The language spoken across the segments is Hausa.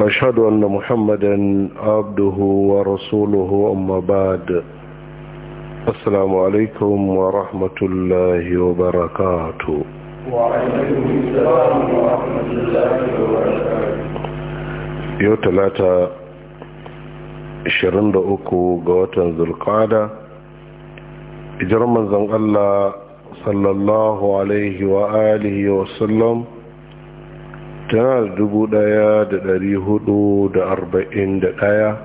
واشهد ان محمدا عبده ورسوله اما بعد السلام عليكم ورحمه الله وبركاته وعليكم السلام ورحمه الله وبركاته يوم ثلاثه 23 ga watan zulqada ijar manzon Allah sallallahu alaihi wa alihi wa sallam tana da dubu daya da dari hudu da arba'in da daya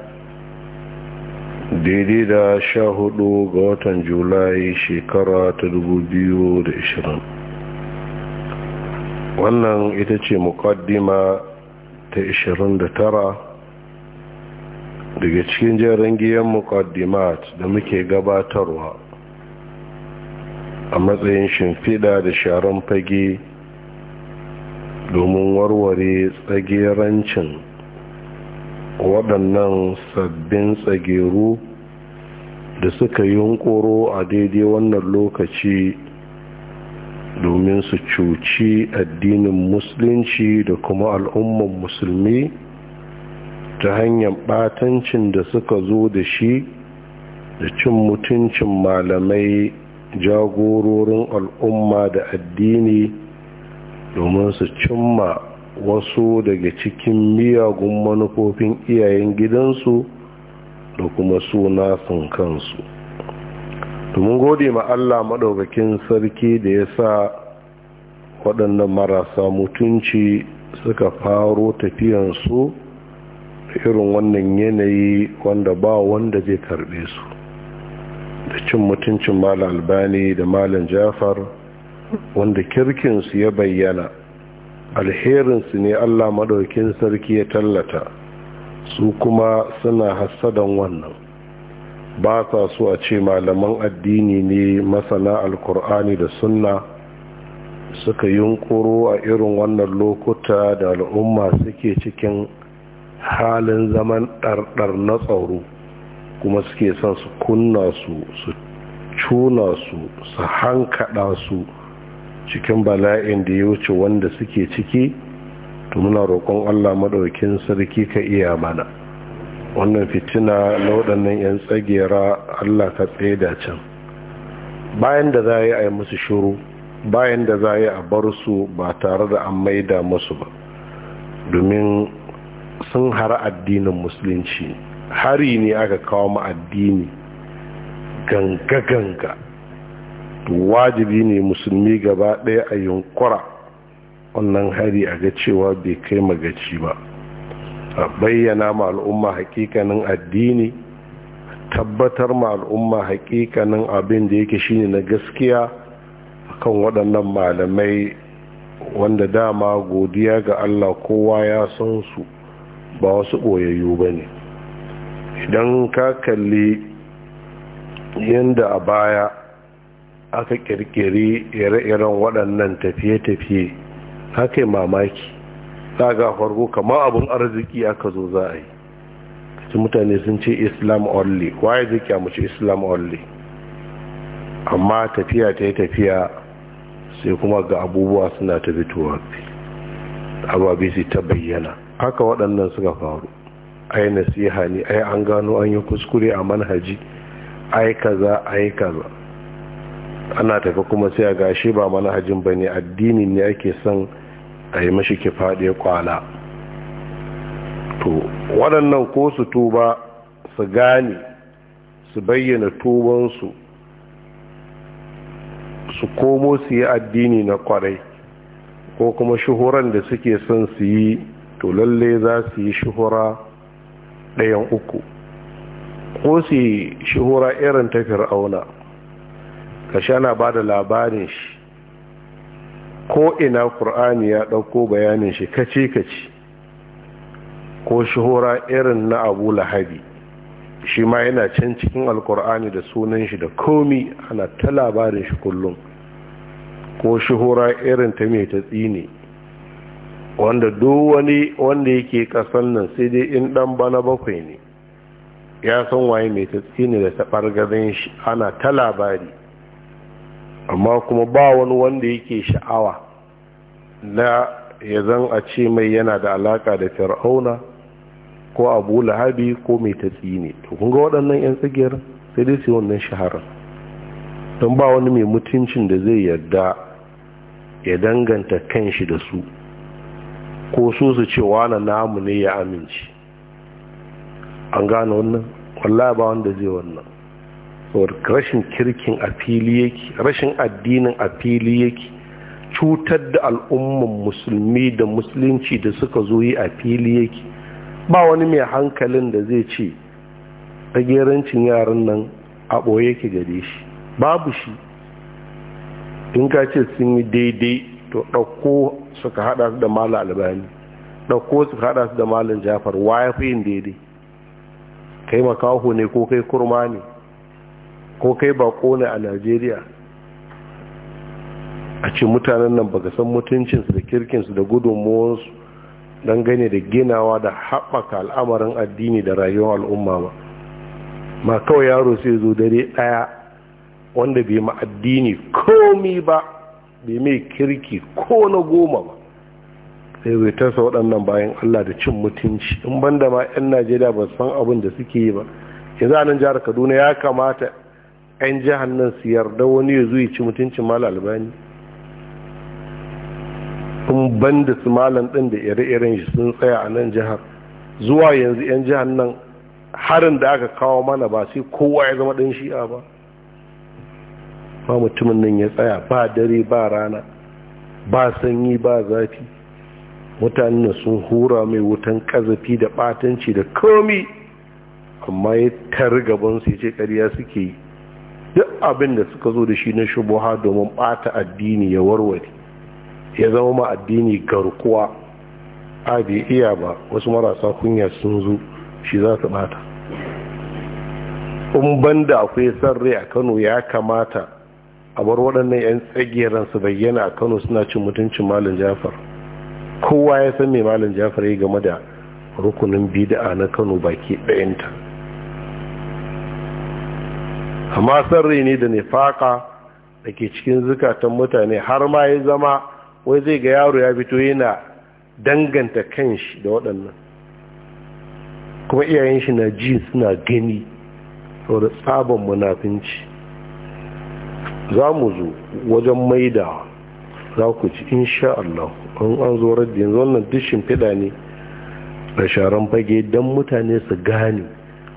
daidai da sha hudu ga watan julai shekara ta dubu biyu da ishirin wannan ita ce mukaddima ta ishirin da tara daga cikin jerin giyan mukaddimat da muke gabatarwa a matsayin shimfiɗa da sharan fage domin warware tsagerancin waɗannan sabbin tsageru da suka yunkuro a daidai wannan lokaci domin su cuci addinin musulunci da kuma al'umman musulmi ta hanyar batancin da suka zo da shi da cin mutuncin malamai jagororin al'umma da addini domin su cimma wasu daga cikin miyagun manufofin iyayen gidansu da kuma suna sun kansu domin gode ma Allah maɗaukakin sarki da ya sa waɗannan marasa mutunci suka faro tafiyansu irin wannan yanayi wanda ba wanda zai karɓe su da cin mutuncin Malam albani da malam jafar wanda kirkinsu ya bayyana alherinsu ne allah maɗaukin sarki ya tallata su kuma suna hassadan wannan ba sa so a ce malaman addini ne masana alkur'ani da sunna suka yunkuro a irin wannan lokuta da al'umma suke cikin halin zaman ɗarɗar na tsaro kuma suke son su kunna su su cuna su su hankada su cikin bala'in da ya wuce wanda suke ciki to muna roƙon Allah maɗaukin sarki ka iya mana wannan fitina na waɗannan 'yan tsagera Allah ka tsaye da can bayan da za a yi a yi musu shuru bayan da za a yi a bar su ba tare da an maida musu ba domin sun hara addinin musulunci hari ne aka kawo ma addini ganga-ganga wajibi ne musulmi gaba ɗaya a yunkura wannan hari a ga cewa bai kai magaci ba a bayyana ma al'umma hakikanin addini tabbatar ma al'umma hakikanin abin da yake shine na gaskiya kan waɗannan malamai wanda dama godiya ga Allah kowa ya san su ba wasu ɓoyayyu ba ne idan ka kalli yadda a baya aka kirkiri ire-iren waɗannan tafiye-tafiye haka yi mamaki za ga farko kamar abin arziki aka zo za a yi su mutane sun ce islam only waye zai mace islam only amma tafiya ta yi tafiya sai kuma ga abubuwa suna ta fitowa ababi su ta bayyana haka waɗannan suka faru ai nasiha ne ai an gano an yi kuskure a manhaji ai kaza ai kaza ana tafi kuma sai a gashi ba manhajin ba ne addini ne ake son a yi mashi ya kwala to waɗannan ko su tuba su gane su bayyana tubansu su komo su yi addini na kwarai ko kuma shuhuran da suke son su yi to lalle za su yi shuhura ɗayan uku ko su yi shuhura irin ta fir'auna kashi ana ba da labarin shi ko ina ƙur'ani ya ɗauko bayanin shi kaci-kaci ko shuhura irin na abu lahabi shi ma yana can cikin alƙur'ani da sunan shi da komi ana ta labarin shi kullum ko shuhura irin ta mai ta tsini wanda wani wanda yake kasan nan sai dai in dan bana bakwai ne ya san waye mai ta tsini da taɓar gazin shi ana ta labari amma kuma ba wani wanda yake sha'awa na ya zan a ce mai yana da alaka da fir'auna ko abu lahabi ko mai tatsi ne to kun ga waɗannan 'yan tsakiyar sai dai su wannan shaharar don ba wani mai mutuncin da zai yarda ya danganta kanshi da su ko so su ce wani namu ne ya aminci an gane wannan wallahi ba wanda zai wannan rashin kirkin a fili yake rashin addinin a fili yake cutar da al'umman musulmi da musulunci da suka zo yi a fili yake ba wani mai hankalin da zai ce tsagerancin yaran nan a ɓoye ke gare shi babu shi in ka ce sun yi daidai to ɗauko suka haɗa su da malam albani ɗauko suka haɗa su da malam jafar wa ya fi yin daidai kai makaho ne ko kai kurma ne ko kai ba ne a najeriya a ce mutanen nan baka san mutuncinsu da kirkinsu da gudunmuwansu don gane da ginawa da haɓaka al'amarin addini da rayuwar al'umma ba ma kawai yaro sai zo dare ɗaya wanda bai ma addini komi ba bai mai kirki ko na goma ba sai zai tasa waɗannan bayan allah da cin mutunci in banda ma 'yan najeriya ba san abin da suke yi ba yanzu a nan jihar kaduna ya kamata 'yan jihar nan su yarda wani ya zuwa ci mutuncin malam albani kun banda su malam ɗin da ire-iren shi sun tsaya a nan jihar zuwa yanzu 'yan jihar nan harin da aka kawo mana ba sai kowa ya zama ɗan shi'a ba ba mutumin nan ya tsaya ba dare ba rana ba sanyi ba zafi mutanen sun hura mai wutan kazafi da batanci da komi amma ya tar gabansu ya ce ƙarya suke yi duk abin da suka zo da shi na shubuha domin bata addini ya warware ya zama ma addini garkuwa a bai iya ba wasu marasa kunya sun zo shi za su bata in banda akwai sarri a kano ya kamata a bar waɗannan 'yan tsagiran su bayyana a kano suna cin mutuncin malin jafar kowa ya san mai malin jafar ya game da rukunin bid'a na kano baki ɗayanta amma sarri ne da nifaka da ke cikin zukatan mutane har ma ya zama wai zai ga yaro ya fito yana danganta kanshi da waɗannan kuma iyayen shi na ji suna gani da tsabon munafinci za mu zo wajen maidawa za ku ci insha Allah an an zo raddi yanzu wannan dishin fiɗa ne da sharan fage don mutane su gane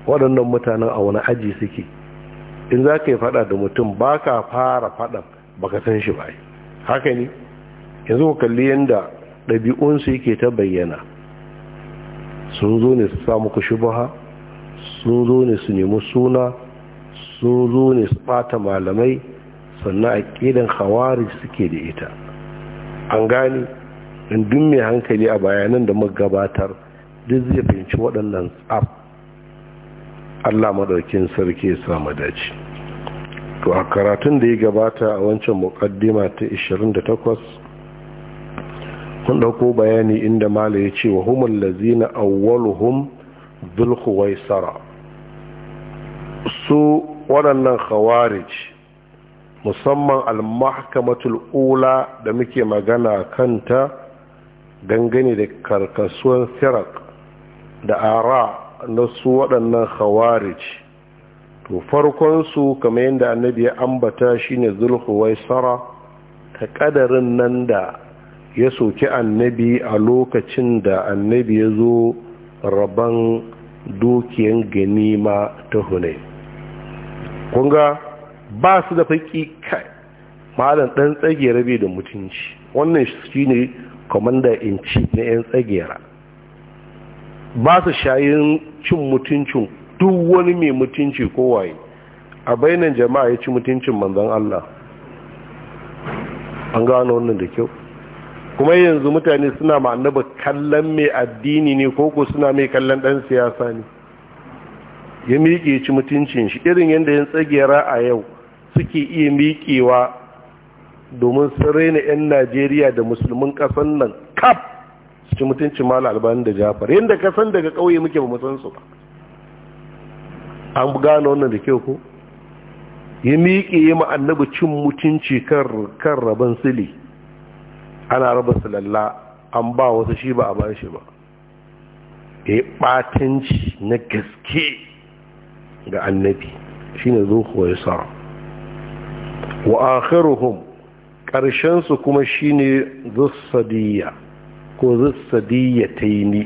waɗannan mutanen a wani aji suke in za ka yi fada da mutum ba ka fara fadan ba ka san shi ba haka ne yanzu ku kalli yadda ɗabi'unsu yake ta bayyana sun zo ne su samu ku shubaha sun zo ne su nemi suna sun zo ne su fata malamai sannan a ƙidan hawari suke da ita an gani in dun mai hankali a bayanan da magabatar duk zai fahimci waɗannan tsaf Allah madaukin sarki ya samu dace to a karatun da ya gabata a wancan muqaddima ta 28 kun dauko bayani inda malai ya ce wa humul lazina awwaluhum bil khuwaisara su waɗannan khawarij musamman al-mahkamatul ula da muke magana kanta dangane da karkasuwan firak da ara na su waɗannan khawarij to su kamar yadda annabi ya ambata shine zulhuwaisara ta ƙadarin nan da ya soki annabi a lokacin da annabi ya zo rabon dukiyan ganima ta hune kunga ba su da faƙi kai malam ɗan tsagera bai da mutunci wannan shi ne kwamanda in ci na 'yan tsagera ba su shayin cin mutuncin duk wani mai mutunci kowaye a bainan jama'a ya ci mutuncin manzan Allah an gano wannan da kyau kuma yanzu mutane suna ma'annaba kallon mai addini ne ko koko suna mai kallon ɗan siyasa ne ya miƙe ci mutuncin shi irin yadda yin tsagera a yau suke iya miƙewa domin sun raina 'yan najeriya da musulmin ƙasan nan kaf cikin mutuncin mala albani da jafar yadda ka san daga ƙauye muke ba su ba an gane wannan da kyau ko ya miƙe ya annabi cin mutunci kan rabin sili ana raba silalla an ba wasu shi ba a ba shi ba ya yi ɓatanci na gaske ga annabi shi ne zuwa ya sa wa akhiruhum ƙarshensu kuma shi ne zussadiya ko zissadiyataini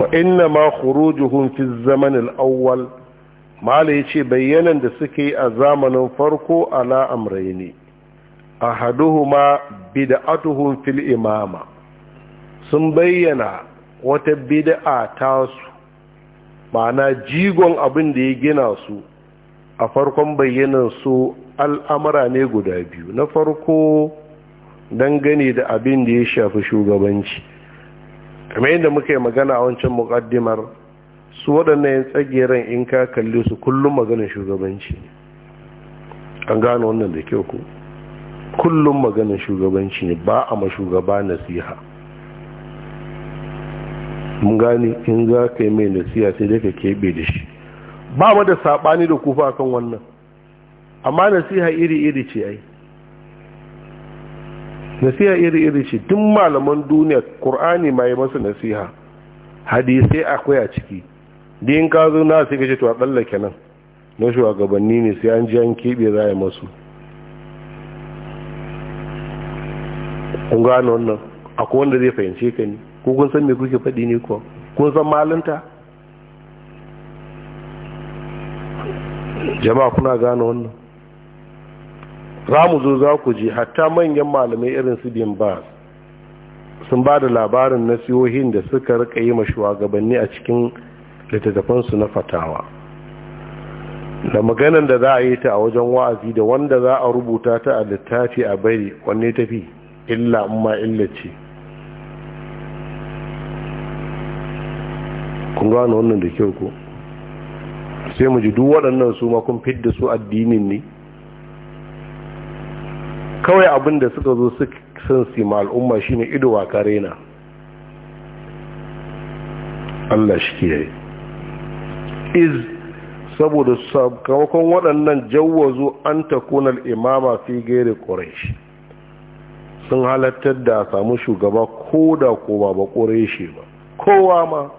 wa inna ma khurujuhum fi zaman al-awwal mala yace bayyanan da suke a zamanin farko ala amrayni ahaduhuma bid'atuhum fil imama sun bayyana wata bid'a ta su ma'ana jigon abin da ya gina su a farkon bayyanan su al'amara ne guda biyu na farko dangane da abin da ya shafi shugabanci kamar yadda muka yi magana a wancan muƙaddimar su waɗannan yin tsageren in ka kalli su kullum maganin shugabanci an gano wannan da kyau ku kullum maganin shugabanci ne ba a ma shugaba nasiha mun gane in za ka yi mai nasiha sai dai ka keɓe da shi ba mu da saɓani da kufa kan wannan amma nasiha iri-iri ce ai nasiha iri-iri shi tun malaman duniya ƙur'ani ma yi masa nasiha hadisai akwai a ciki din ka zo na sai kace to a tsallake nan na shugabanni ne sai an ji an keɓe za a masu kun gano wannan akwai wanda zai fahimce ka ne ko kun san me kuke faɗi ne ko kun san malinta jama'a kuna gano wannan za mu zo za ku ji hatta manyan malamai irin su bin ba sun ba da labarin nasihohin da suka rika yi shugabanni a cikin littattafansu na fatawa da maganan da za a yi ta a wajen wa'azi da wanda za a rubuta ta a littafi a bari wanne tafi illa amma illa ce kun gano wannan da kyau ko sai mu ji duk waɗannan su ma kun fidda su addinin ne kawai abin da suka zo su san su ma al'umma shine ido wa karena Allah shi yi. iz saboda sakamakon waɗannan zo an takunar imama fi gairi sun halattar da samu shugaba ko da ko ba ba ƙoreshi ba kowa ma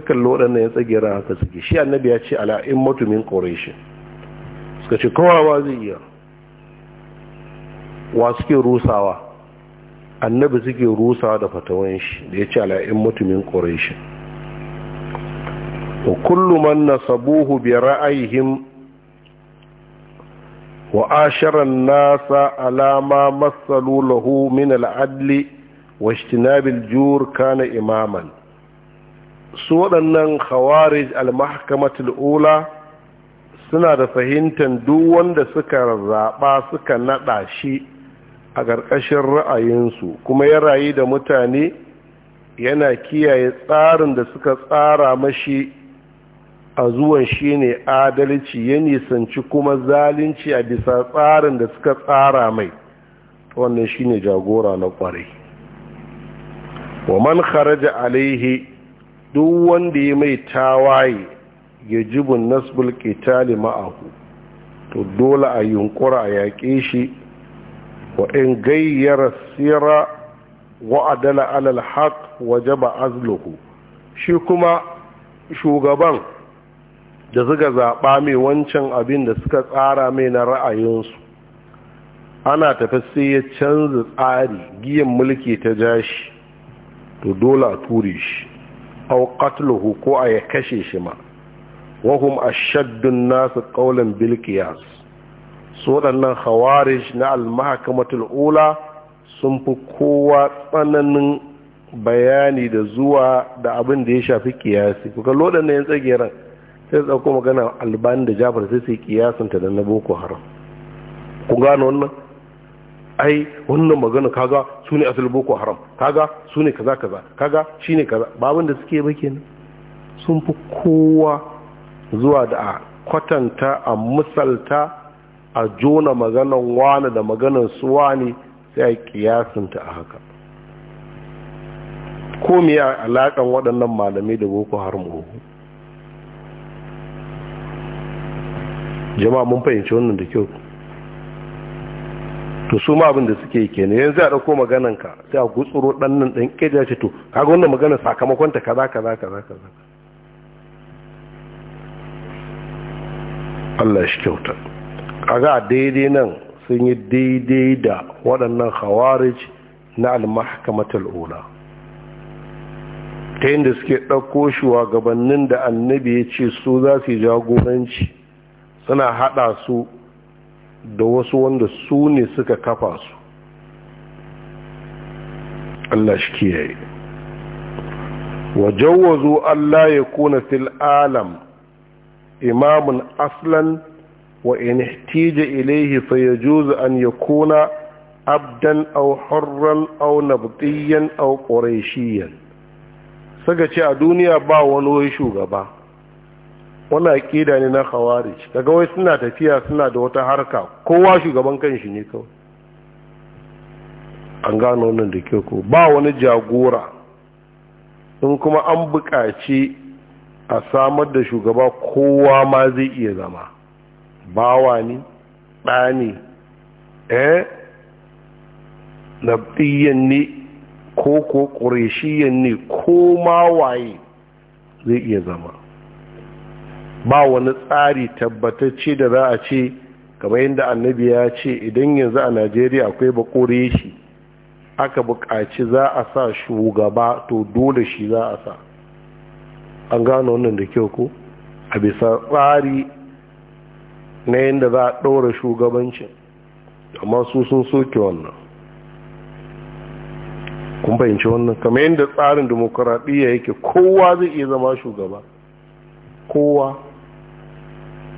kalli waɗannan ya tsagera haka suke shi annabi ya ce ala'in mutumin ƙoreshi suka ce kowa ba zai iya wa suke rusawa annabi suke rusawa da fatawan shi da ya ce ala'in mutumin ƙorashi wa kullu man nasabuhu bi ra'ayihim wa asharan nasa alama masalu lahu min al'adli wa ijtinabil jur kana imaman su waɗannan khawarij al-mahkamatul ula suna da fahimtar duk wanda suka zaɓa suka naɗa shi a ƙarƙashin ra'ayinsu kuma ya rayu da mutane yana kiyaye tsarin da suka tsara mashi a zuwan shi ne adalci ya nisanci kuma zalunci a bisa tsarin da suka tsara mai wannan shi ne jagora na ƙwarai wa man kharaja alaihi duk wanda ya mai tawaye ya jibin nasbul ƙitali ma'ahu to dole a yunkura a yaƙe shi وإن غير السيرة وعدل على الحق وجب عزله shi kuma shugaban da suka zaɓa mai wancan abin da suka tsara mai na ra'ayinsu ana tafi sai ya canza tsari giyan mulki ta jashi to dole a ture shi au ko a ya kashe shi ma wahum ashaddun nasu ƙaunar bilkiyas su waɗannan khawarij na almahakamatul ula sun fi kowa tsananin bayani da zuwa da abin da ya shafi kiyasi kuka lodan na yin tsageren sai tsako magana albani da jafar sai sai yi ta da na boko haram ku gano wannan ai wannan magana kaga su ne asali boko haram kaga su ne kaza kaza kaga shi ne kaza babin da suke ba kenan sun fi kowa zuwa da a kwatanta a misalta a jona maganan wani da maganan suwa ne sai a kiyasinta a haka ko me ya alakan waɗannan malamai da boko haram uku jama'a mun fahimci wannan da kyau to su ma abin da suke ne yanzu a ɗauko maganan ka sai a gutsuro ɗan nan ɗan ƙeja ce to kaga wannan magana sakamakon ta kaza kaza kaza kaza Allah shi kyauta kaga daidai nan sun yi daidai da waɗannan khawarij na almahkamatul ula ta yadda suke ɗauko shugabannin da annabi ya ce su za su jagoranci suna haɗa su da wasu wanda su ne suka kafa su Allah shi kiyaye wajawazu Allah ya kuna fil alam imamun aslan wa in ihtija ilayhi fa yajuzu an yakuna abdan aw hurran aw nabtiyan aw qurayshiyan saka ce a duniya ba wani wai shugaba wannan aqida ne na khawarij kaga wai suna tafiya suna da wata harka kowa shugaban kanshi ne kawai an gano wannan da ke ko ba wani jagora in kuma an buƙaci a samar da shugaba kowa ma zai iya zama bawa ne ɗa ne eh labdiyan ne ko ko ƙureshiyan ne ko ma waye zai iya zama ba wani tsari tabbatacce da za a ce kamar yadda annabi ya ce idan yanzu a najeriya akwai ba ƙureshi aka buƙaci za a sa shugaba to dole shi za a sa an gano wannan da kyau ko a bisa tsari na yadda za a ɗaura shugabancin amma su sun soke wannan kun fahimci wannan kamar yadda tsarin demokuraɗiyya yake kowa zai iya zama shugaba kowa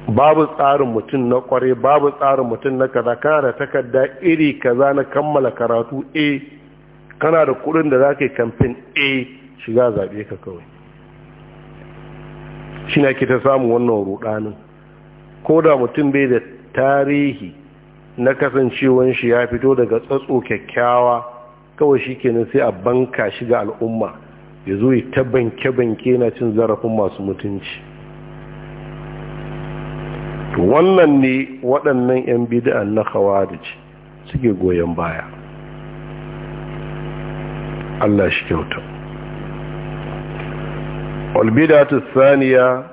babu tsarin mutum na kware babu tsarin mutum na kaza kana da takarda iri kaza na kammala karatu a kana da kudin da za ka yi kamfin a shiga zaɓe ka kawai shi na ke ta samun wannan ruɗanin ko da mutum bai da tarihi na kasancewan shi ya fito daga tsatso kyakkyawa kawai shi kenan sai a banka shi ga al'umma ya zo ta banke-banke na cin zarafin masu mutunci wannan ne waɗannan 'yan bidan na khawarij suke goyon baya Allah shi kyauta albidatu saniya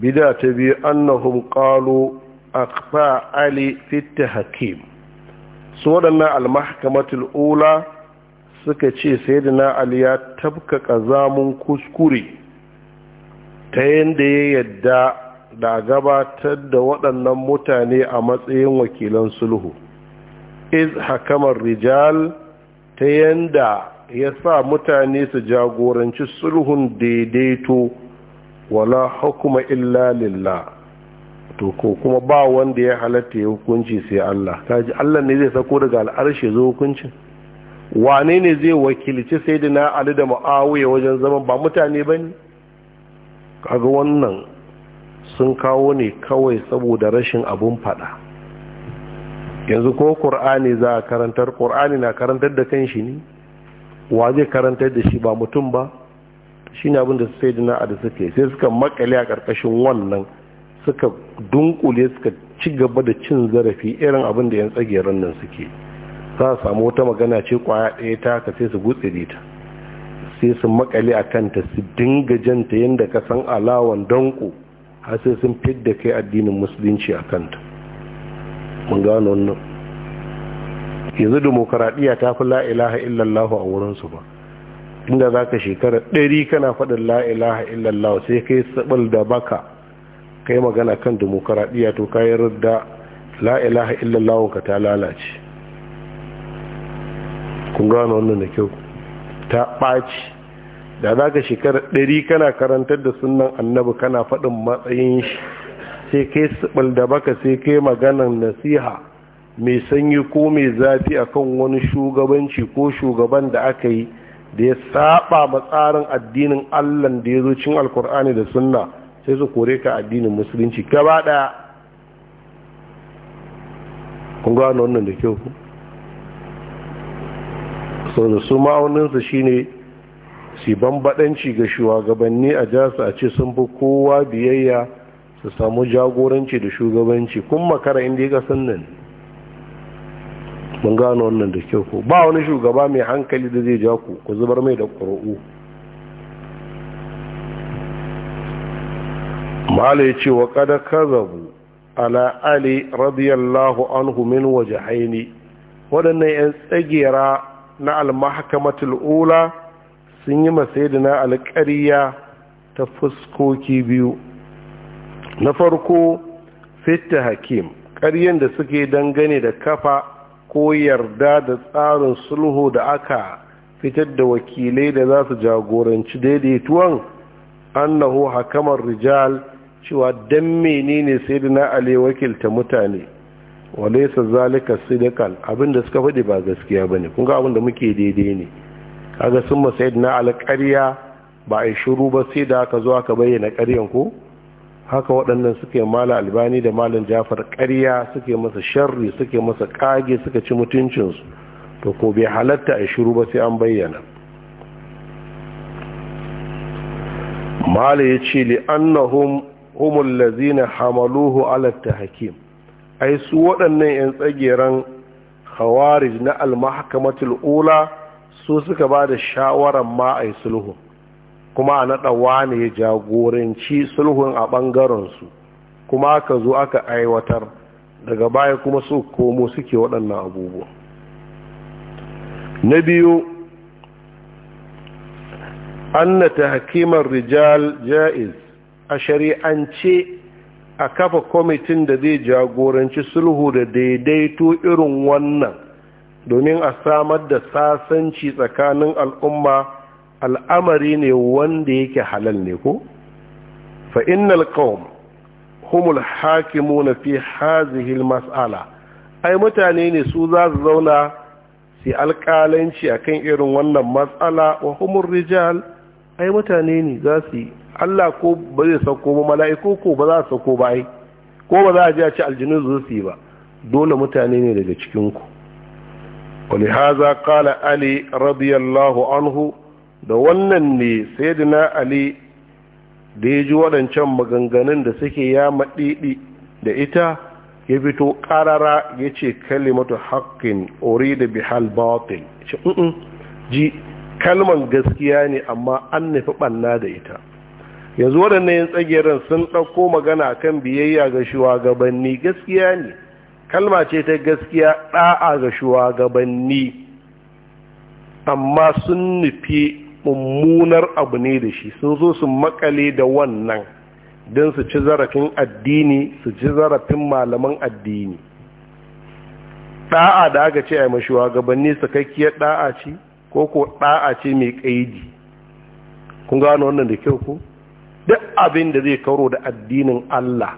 bida ta biyu annahum qalu akfa ali fi tahkim su waɗannan almahkamatul ula suka ce sayyidina ali ya tabka ƙazamun kuskure ta yadda ya yadda da gabatar da waɗannan mutane a matsayin wakilan sulhu iz hakamar rijal ta yadda ya sa mutane su jagoranci sulhun daidaito wala hukuma illa lillah to ko kuma ba wanda ya halatta ya hukunci sai Allah kaji Allah ne zai sako daga al'arshi zo hukuncin wane ne zai wakilci sayyidina Ali da Muawiya wajen zaman ba mutane bane kaga wannan sun kawo ne kawai saboda rashin abun fada yanzu ko Qur'ani za a karantar Qur'ani na karantar da kanshi ne wa zai karantar da shi ba mutum ba shine abin da sai dina a da suke sai suka makale a karkashin wannan suka dunkule suka ci gaba da cin zarafi irin abin da 'yan tsagerar nan suke za a samu wata magana ce kwaya ɗaya ta ka sai su da ta sai su makale a kanta su dinga janta yadda ka san alawan danko har sai sun fidda kai addinin musulunci a kanta mun gano wannan yanzu dimokuraɗiyya ta fi la'ilaha illallahu a wurinsu ba tunda za ka shekara ɗari kana faɗin la'ilaha illallah sai kai sabal da baka kai magana kan demokaradiyya to kayan radda la'ilaha illallah ka ta lalace kun gano wannan da kyau ta ɓaci da za ka shekara ɗari kana karantar da sunan annabi kana faɗin matsayin shi sai kai sabal da baka sai kai maganan nasiha mai sanyi ko mai zafi akan wani shugabanci ko shugaban da aka yi da ya saba ma tsarin addinin Allah da ya zo cin alkur'ani da sunna sai su kore ka addinin musulunci gaba daya kun gano wannan da kyau ku sau da su ma'auninsa shine su bambadanci ga shugabanni a jasa a ce sun fi kowa biyayya su samu jagoranci da shugabanci kun makara inda ya kasan nan mun gano wannan da kyau ko ba wani shugaba mai hankali da zai ja ku ku zubar mai da ƙuru'u mala ya ce wa kada kazabu ala ali radiyallahu anhu min wajahaini waɗannan 'yan tsagera na almahakamatul ula sun yi masaidina alƙariya ta fuskoki biyu na farko fitta hakim ƙaryen da suke dangane da kafa ko yarda da tsarin sulhu da aka fitar da wakilai da za su jagoranci daidaituwan annahu hakamar rijal cewa dan menene sai da na ale wakilta mutane walaisa zalika sidikal abinda suka faɗi ba gaskiya ba ne kunga abinda muke daidai ne kaga sun masayid na alƙarya ba a yi shiru ba sai da aka zo aka bayyana ƙaryan ko haka waɗannan suke mala albani da malin jafar ƙarya suke masa sharri suke masa ƙage suka ci mutuncinsu to ko bai halatta a shiru ba sai an bayyana mala ya ce li'annahum humul lazina hamaluhu ala hakim ai su waɗannan 'yan tsageren khawarij na almahakamatul ula su suka ba da shawarar ma kuma a naɗa ne ya jagoranci sulhun a ɓangarensu kuma aka zo aka aiwatar daga baya kuma su komo suke waɗannan abubuwa na biyu anna Hakimar rijal ja'iz a shari'ance a kafa kwamitin da zai jagoranci sulhu da daidaito irin wannan domin a samar da sasanci tsakanin al'umma al'amari ne wanda yake halal ne ko fa innal qawm humul hakimuna fi hazihil mas'ala ai mutane ne su za su zauna su alƙalanci akan irin wannan masala wa humur rijal ai mutane ne za su yi Allah ko ba zai sauko ba mala'iku ko ba za su sauko ba ai ko ba za a ji a ci aljinu zo su ba dole mutane ne daga cikinku wani haza kala ali radiyallahu anhu da wannan ne sayyidina ali da ya ji waɗancan maganganun da suke ya maɗiɗi da ita ya fito ƙarara ya ce kalimatu haƙƙin ori da bihal batil ce ji kalman gaskiya ne amma an nufi ɓanna da ita yanzu waɗannan yin tsagerin sun ɗauko magana kan biyayya ga shugabanni gaskiya ne kalma ce ta gaskiya ɗa'a ga shugabanni amma sun nufi mummunar abu ne da shi sun zo su makale da wannan don su ci zarafin addini su ci zarafin malaman addini da'a da aka ce a mashi gabanni sakakkiyar da'a ce ko ko da'a ce mai kaidi kun gano wannan da kyau ko duk abin da zai karo da addinin Allah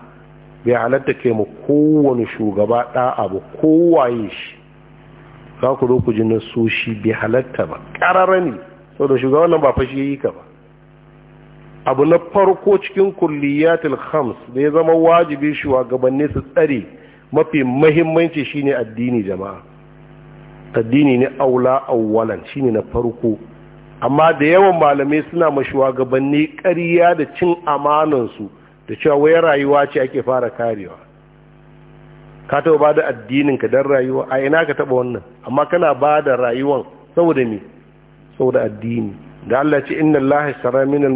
bai halatta kai mu kowane shugaba da'a ba kowaye shi za ku zo ku ji shi bai halatta ba ƙarara ne sau da shugaban nan ba fashi yi ka ba abu na farko cikin kulliyatul khams da ya zama wajibi shugabanni su tsare mafi mahimmanci shine addini jama'a addini ne aula awwalan shine na farko amma da yawan malamai suna ma shugabanni ƙarya da cin amanansu da cewa wai rayuwa ce ake fara karewa ka taɓa ba da ka don rayuwa a ina ka taɓa wannan amma kana ba da rayuwan saboda me saboda addini da Allah ce inna Allah sara min na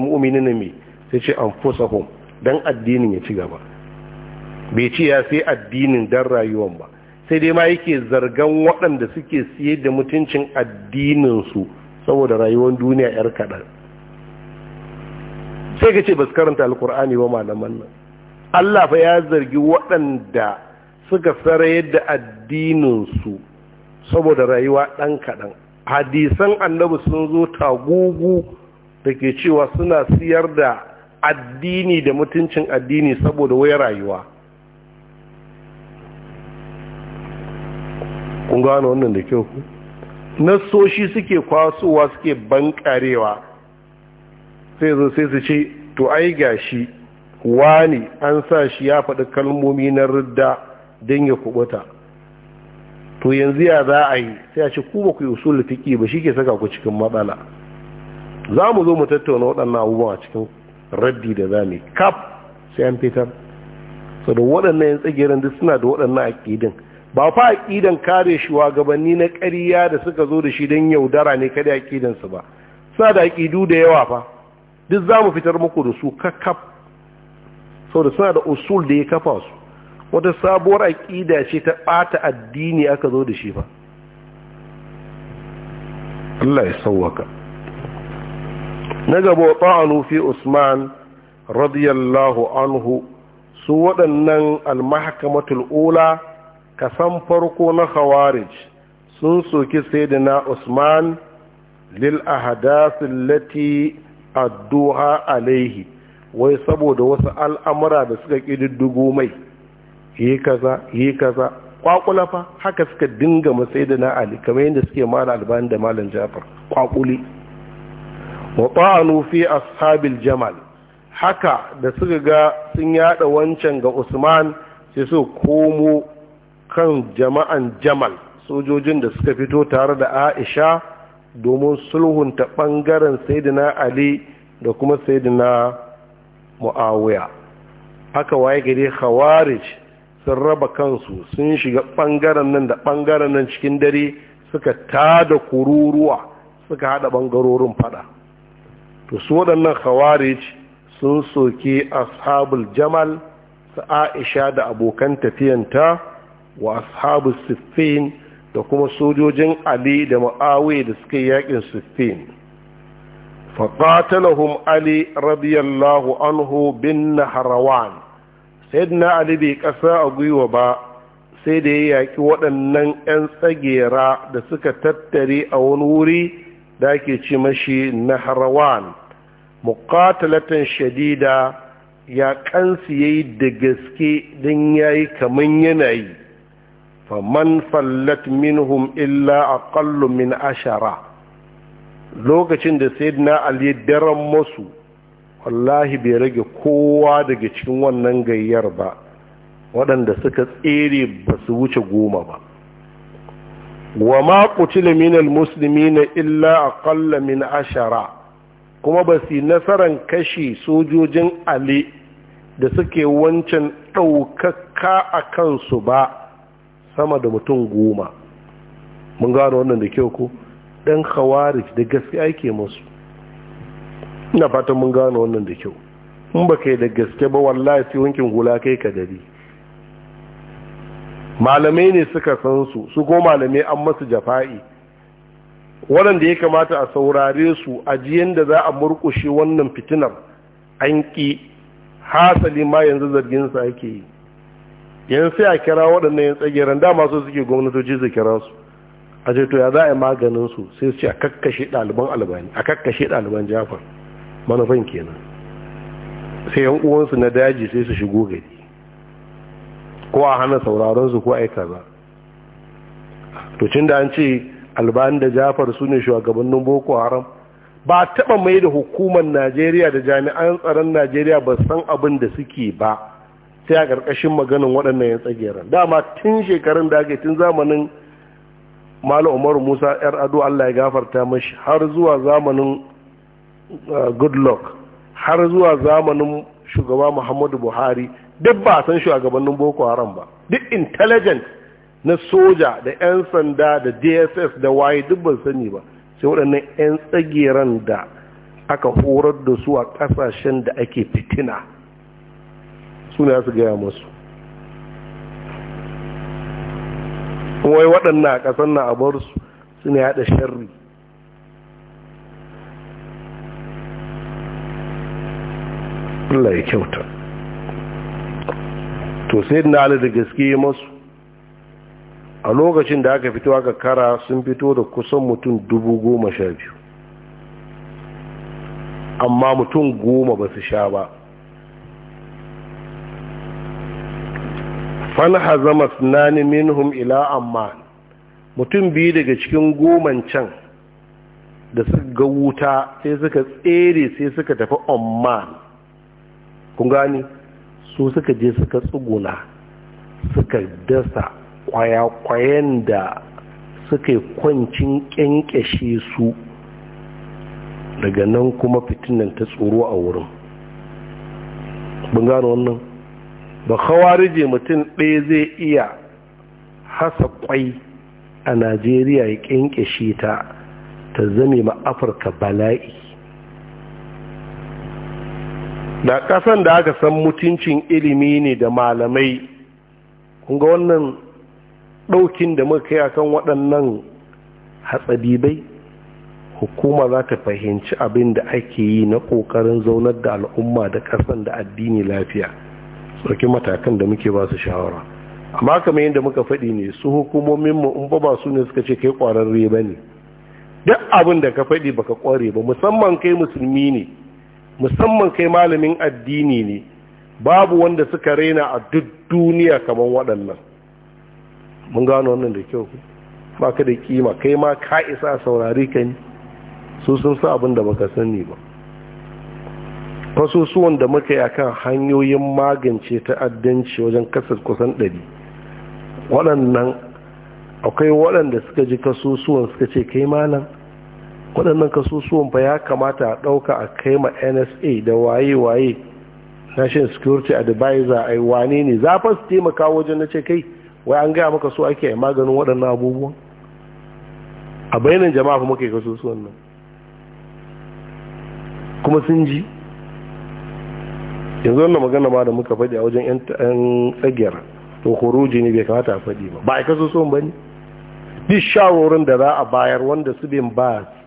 mi sai ce anfusahum dan addinin ya ci gaba bai ce ya sai addinin dan rayuwan ba sai dai ma yake zargan waɗanda suke siye da mutuncin addinin su saboda rayuwar duniya yar kaɗan sai ka ce ba su karanta alkur'ani ba malaman nan Allah fa ya zargi waɗanda suka sarayar da addininsu saboda rayuwa ɗan kaɗan hadisan annabi sun zo tagugu da ke cewa suna siyar da addini da mutuncin addini saboda wai rayuwa kun gano wannan da kyau Nasoshi nassoshi suke kwasowa suke bankarewa sai zo sai su ce to ai gashi wani an sa shi ya faɗi kalmomi na ridda don ya kubuta to yanzu ya za a yi sai a ce ku ba ku yi usul fiƙi ba shi ke saka ku cikin matsala za mu zo mu tattauna waɗannan abubuwa cikin raddi da za mu kaf sai an fitar da waɗannan yan tsagerin duk suna da waɗannan aƙidin ba fa aƙidan kare shugabanni na ƙarya da suka zo da shi don yaudara ne kada aƙidan su ba suna da aƙidu da yawa fa duk za mu fitar muku da su sau da suna da usul da ya kafa su wata sabuwar aƙida ce ta ɓata addini aka zo da shi ba Allah ya sauwaka na gaba wa ta'anu fi usman radiyallahu anhu su waɗannan almahakamatul ula kasan farko na khawarij sun soki na usman lil ahadath Lati Addua alaihi wai saboda wasu al'amura da suka ƙididdugo mai yi kaza yi kaza kwakula fa haka suka dinga masai na ali kamar yadda suke mara albani da malam jafar kwakuli wa ta'anu fi ashabil jamal haka da suka ga sun yada wancan ga usman sai su komo kan jama'an jamal sojojin da suka fito tare da aisha domin sulhunta bangaren sayyidina ali da kuma sayyidina muawiya haka waye gari khawarij sun raba kansu sun shiga ɓangaren nan da ɓangaren nan cikin dare suka tada kururuwa suka haɗa ɓangarorin fada to su waɗannan khawarij sun soke ashabul jamal su aisha da abokan tafiyanta wa ashabul siffin da kuma sojojin ali da ma'awai da suka yi yakin siffin faƙatalahum ali radiyallahu anhu bin naharawan sayyidina ali bai kasa a gwiwa ba sai da ya yaƙi waɗannan 'yan tsagera da suka tattare a wani wuri da ake ci mashi na harawan mukatalatan shadida ya kansu yi da gaske don ya yi kaman yanayi faman fallat minhum illa aqallu min ashara lokacin da sayyidina ali daren masu wallahi bai rage kowa daga cikin wannan gayyar ba waɗanda suka tsere ba su wuce goma ba wa ma qutila minal na illa aƙalla min ashara kuma ba su nasaran kashe sojojin ali da suke wancan ɗaukaka a kansu ba sama da mutum goma mun gano wannan da kyau ko ɗan khawarij da gaske ake musu ina fatan mun gane wannan da kyau in ba kai da gaske ba wallahi sai wankin hula kai ka dari malamai ne suka san su su ko malamai an masu jafa'i waɗanda ya kamata a saurare su ajiyan da za a murƙushe wannan fitinar an ƙi hasali ma yanzu zargin sa ake yi yan sai a kira waɗannan yan tsageren dama su suke gwamnatoci su kira su a to ya za a yi maganin su sai su ce a kakkashe ɗaliban albani a kakkashe ɗaliban jafar manufan kenan sai yan uwansu na daji sai su shigo gari ko a hana sauraron su ko aika ba to cin da an ce alban da jafar su ne shugabannin boko haram ba taba mai da hukumar najeriya da jami'an tsaron najeriya ba san abin da suke ba sai a karkashin maganin waɗannan yan tsageren dama tun shekarun da ake tun zamanin malu umaru musa yar ado allah ya gafarta mashi har zuwa zamanin Uh, goodluck har zuwa zamanin shugaba muhammadu buhari duk ba san shugabannin boko haram ba duk intelligent na soja da 'yan sanda da dss da waye duk ban sani ba sai waɗannan 'yan tsageren da aka horar da su a ƙasashen da ake fitina suna su gaya masu wai waɗannan a ƙasar na a bar su suna yaɗa sharri Allah ya kyauta to sai na ali da gaske masu a lokacin da aka fito aka kara sun fito da kusan mutum dubu goma sha biyu amma mutum goma ba su sha ba ha zama sunanin minhum ila amma mutum biyu daga cikin goman can da suka ga wuta sai suka tsere sai suka tafi amman kun gani su suka je suka tsuguna suka dasa kwayakwayen da suka kwancin kyankyashe su daga nan kuma fitinan ta tsoro a wurin gano wannan ba je mutum ɗaya zai iya hasa kwai a najeriya ya kyankyashe ta ta zame ma afirka bala'i da kasan da aka san mutuncin ilimi ne da malamai kunga wannan ɗaukin da muka kai akan waɗannan hatsadibai hukuma za ta fahimci abin da ake yi na ƙoƙarin zaunar da al'umma da ƙasan da addini lafiya sauki matakan da muke ba su shawara amma kamar yadda muka faɗi ne su hukumominmu in ba ba su ne suka ce kai ƙwararre ba ne duk abin da ka faɗi baka ƙware ba musamman kai musulmi ne musamman kai malamin addini ne babu wanda suka raina a duk duniya kamar waɗannan mun gano wannan da kyau ba ka da kima kai ma ka isa saurari ka ne su sun sa abin da baka sani ba fasosuwan da muka yi akan hanyoyin magance ta'addanci wajen kasar kusan ɗari waɗannan akwai waɗanda suka ji kasusuwan suka ce kai malam waɗannan kasusuwan fa ya kamata a ɗauka a kai ma nsa da waye-waye national security advisor a wane ne za fa su taimaka wajen na ce kai wai an gaya maka so ake maganin waɗannan abubuwan a bayanin jama'a fa muka yi kasusuwan nan kuma sun ji yanzu wannan magana ma da muka faɗi a wajen 'yan tsagiyar to horoji ne bai kamata a faɗi ba ba a kasusuwan ba ne duk shawarorin da za a bayar wanda su bin ba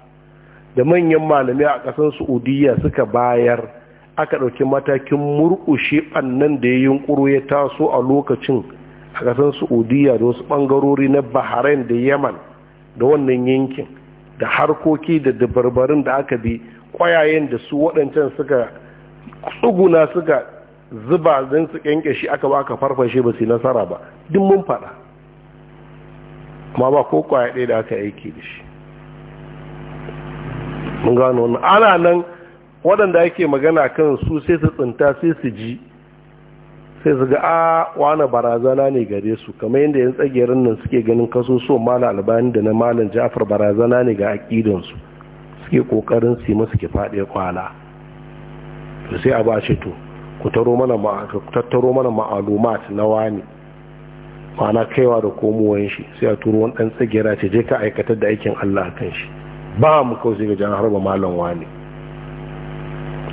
da manyan malamai a ƙasar saudiya suka bayar aka ɗauki matakin murƙushe ɓannan da ya yunƙuro ya taso a lokacin a ƙasar saudiya da wasu ɓangarori na bahrain da yaman da wannan yankin da harkoki da dabarbarin da aka bi ƙwayayen da su waɗancan suka tsuguna suka zuba don su kyanke aka ba aka farfashe ba su nasara ba duk mun faɗa amma ba ko ƙwaya ɗaya da aka aiki da shi mun gano wannan ana nan waɗanda ake magana kan su sai su tsinta sai su ji sai su ga a wani barazana ne gare su kamar yadda yan tsagerin nan suke ganin kaso so mala albani da na malam jafar barazana ne ga aƙidansu suke ƙoƙarin su yi masu ke faɗe kwala to sai a ba shi to ku tattaro mana ma'alumat na wani ma'ana kaiwa da komowar shi sai a turo wani ɗan tsagera ce je ka aikatar da aikin allah kan shi ba mu kausai sai ga jan harba malam wani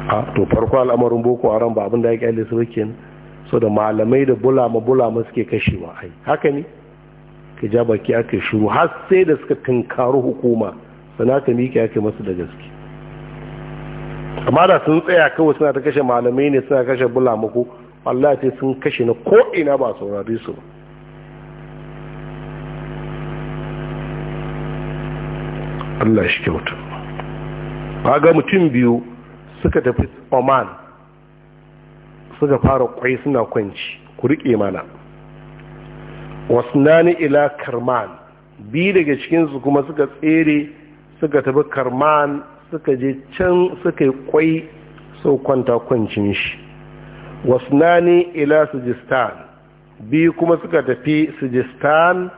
a to farko al'amarin boko haram ba abin da ya kyale su so da malamai da bulama bulama suke kashewa ai haka ne ka ja baki aka shuru har sai da suka tunkaru hukuma sana ka miƙe ake masu da gaske amma da sun tsaya kawai suna ta kashe malamai ne suna kashe bulama ko Allah sai sun kashe na ko ina ba saurari su ba Allah shi kyauta kaga mutum biyu suka tafi Oman suka fara kwai suna kwanci ku riƙe mana wasu wasnani ila karman biyu daga cikinsu kuma suka tsere suka tafi karman suka je can suka yi kwai sau kwanta kwancin shi ni ila sujistan biyu kuma suka tafi sujistan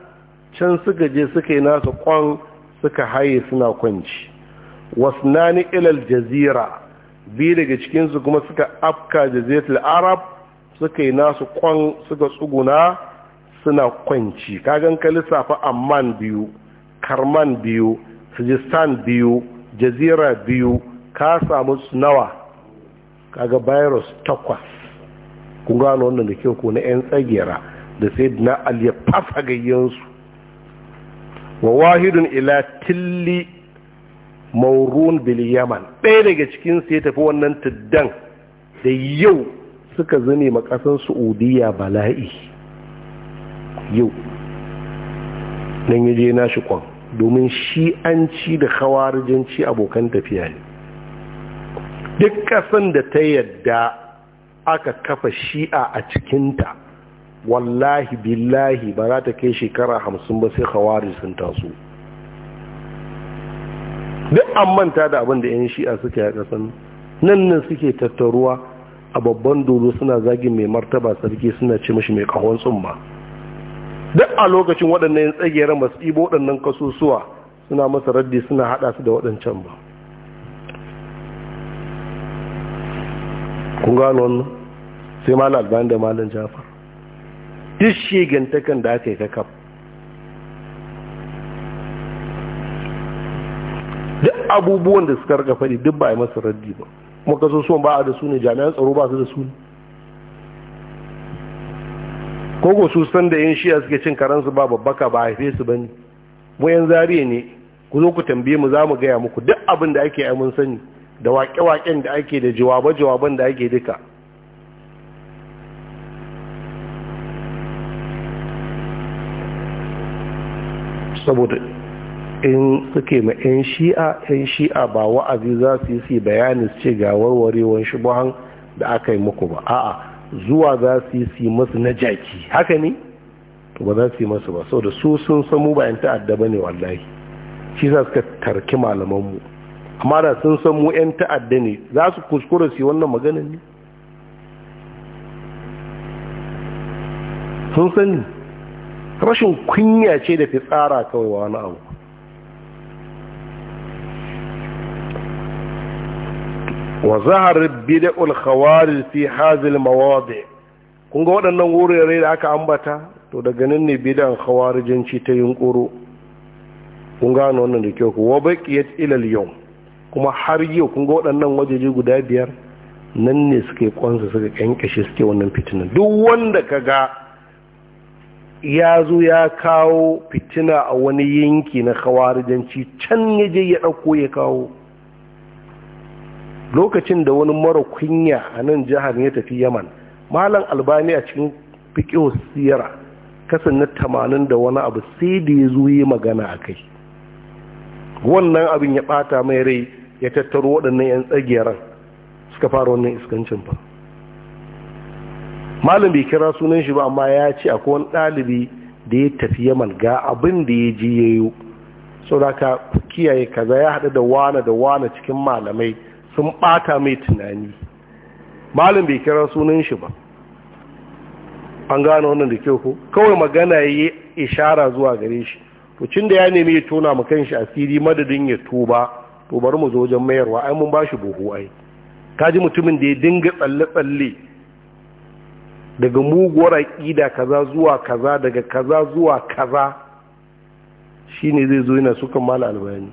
can suka je suka yi nasu kwan suka haye suna kwanci wasnani ilal jazira biyu daga cikinsu kuma suka afka jaziratul arab suka yi nasu kwan suka tsuguna suna kwanci kagan ka lissafa amman biyu karman biyu sijistan biyu jazira biyu ka samu nawa kaga virus takwas kun gano wannan da kyau ko na 'yan tsagera da sai na aliyar fasa gayyansu wa wahidun ila tilli maurun bil ɗaya daga cikin sai tafi wannan tuddan da yau suka zane ma ƙasar bala'i yau don ya na shi domin shi'anci da hawarijanci abokan tafiya ne duk ƙasan da ta yadda aka kafa shi'a a cikinta wallahi billahi ba za ta kai shekara hamsin ba sai khawari sun taso duk an manta da abin da 'yan shi'a suke a ƙasan nan nan suke tattaruwa a babban dolo suna zagi mai martaba sarki suna ce mashi mai kahon tsumma duk a lokacin waɗannan tsageren masu ibo waɗannan kasusuwa suna masa raddi suna haɗa su da waɗancan ba kun gano wannan sai malam bayan da malam jafa duk gantakan da aka yi ta kaf duk abubuwan da suka raka faɗi duk ba a yi masa raddi ba muka so son ba a da su ne jami'an tsaro ba su da su ne kogo su san da yin shiya suke cin karansu ba babbaka ba haife su ba ne wayan zariya ne ku zo ku tambaye mu za mu gaya muku duk abin da ake yi mun sani da waƙe-waƙen da ake da jawabe-jawaben da ake duka saboda in suke ma 'yan shi'a 'yan shi'a ba wa'azi za su yi su bayani su ce ga warwarewar shubuhan da aka yi muku ba a'a zuwa za su yi su masu na jaki haka ne to ba za su yi masu ba saboda su sun samu ba 'yan ta'adda ba ne wallahi shi za suka tarki malamanmu amma da sun samu 'yan ta'adda ne za su kuskura su yi wannan maganin ne sun sani rashin kunya ce da fitsara kawai wa wani abu wa zahar bid'ul khawarij fi hazil mawadi kun waɗannan wurare da aka ambata to daga nan ne bid'an khawarijanci ta yunkuru kun gano wannan da kyau wa baki ila ilal yau, kuma har yau kun waɗannan wajeji guda biyar nan ne suke kwansa suka ƙyanƙashi suke wannan fitinan duk wanda ka ga ya zo ya kawo fitina a wani yanki na kawarijanci can ya je ya ɗauko ya kawo lokacin da wani mara kunya a nan jihar ya tafi yaman malam albani a cikin fikiyo siyara kasan na tamanin da wani abu sai da ya zo yi magana a kai wannan abin ya ɓata mai rai ya tattaro waɗannan 'yan tsagiyar suka fara wannan iskancin ba malam bai kira sunan shi ba amma ya ce akwai wani ɗalibi da ya tafi yaman ga abin da ya ji ya yi ka kiyaye kaza ya haɗu da wane da wane cikin malamai sun ɓata mai tunani malam bai kira sunan shi ba an gane wannan da kyau ko kawai magana ya yi ishara zuwa gare shi to cin da ya nemi ya tona mu kan shi asiri madadin ya tuba to bari mu zo wajen mayarwa ai mun ba shi buhu ai ji mutumin da ya dinga tsalle-tsalle daga muguwar aƙida kaza zuwa kaza daga kaza zuwa kaza shine zai zo yana suka mala albani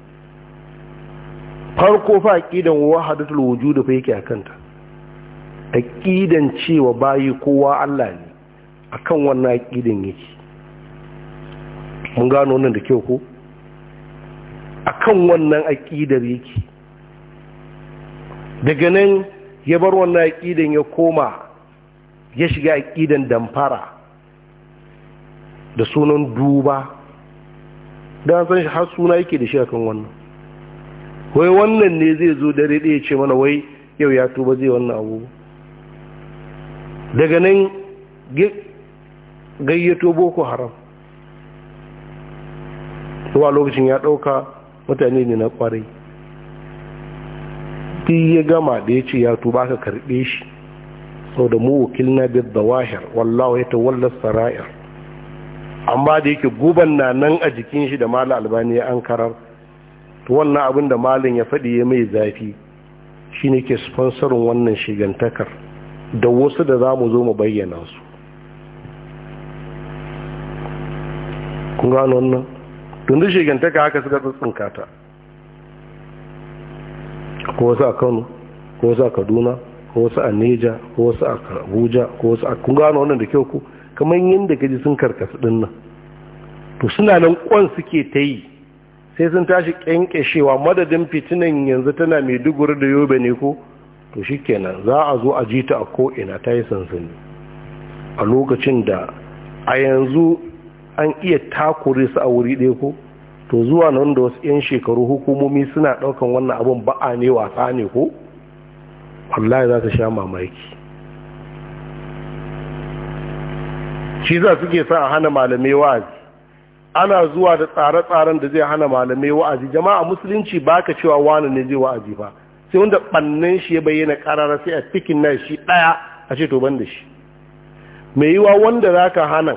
farko fa hadatu wahadatul wujud fa yake akanta aƙidan cewa bayi kowa Allah ne akan wannan aƙidan yake mun gano wannan da kyau ko akan wannan aƙidar yake daga nan ya bar wannan aƙidan ya koma ya shiga aƙidan damfara da sunan duba da san shi har suna yake da shi akan wannan wai wannan ne zai zo dare ɗaya ce mana wai yau ya tuba zai wannan abu daga nan gayyato boko haram zuwa lokacin ya ɗauka mutane ne na ƙwarai duk ya gama da ya ce ya tuba ka karɓe shi sau da mu wakilna bi dawahir wallahu ya tawalla sara'ir amma da yake guban na nan a jikin shi da malin albani ya ankarar to wannan abin da malin ya faɗi ya mai zafi shine ke sponsorin wannan shigantakar da wasu da za mu zo mu bayyana su kun gano wannan tundu shigantaka haka suka tsinkata ta ko wasu a kano ko wasu a kaduna ko wasu a neja ko wasu a abuja ko wasu a kun gano wannan da kyau ku kamar yadda gaji sun karkasu din to suna nan kwan suke ta yi sai sun tashi kyankyashewa madadin fitinan yanzu tana mai duguri da yobe ne ko to shikenan za a zo a ji ta a ko'ina ta yi sansani a lokacin da a yanzu an iya takure su a wuri ɗaya ko to zuwa nan da wasu 'yan shekaru hukumomi suna ɗaukan wannan abin ba'a ne wasa ne ko wallahi za ta sha mamaki shi za suke sa a hana malamai wa'azi ana zuwa da tsare-tsaren da zai hana malamai wa'azi jama'a musulunci ba ka cewa wani ne zai wa'azi ba sai wanda bannan shi ya bayyana karara sai a cikin na shi ɗaya a ce to ban da shi mai yiwa wanda za ka hana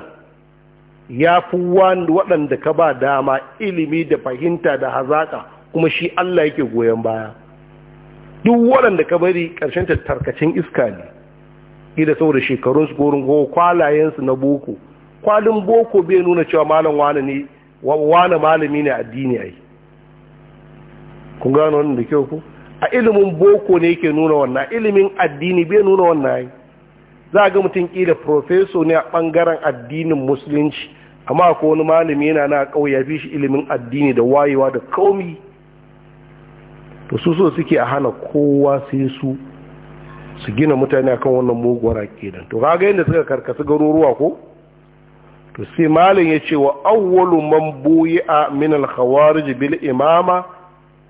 ya fi waɗanda ka ba dama ilimi da fahimta da hazaƙa kuma shi allah yake goyon baya duk waɗanda ka bari ƙarshen tarkacin iska ne gida saboda shekarun su gorin gowa kwalayensu na boko kwalin boko bai nuna cewa malam wani ne wani malami ne addini ai kun gano wannan da kyau ku a ilimin boko ne yake nuna wannan ilimin addini bai nuna wannan ai za ga mutum kila profeso ne a bangaren addinin musulunci amma ko wani malami yana na kauye bi shi ilimin addini da wayewa da kaumi to su so suke a hana kowa sai su su gina mutane akan wannan muguwar aqidan to kaga yadda suka karkasu garuruwa ko to sai malin ya ce wa awwalu man buyi'a min al-khawarij bil imama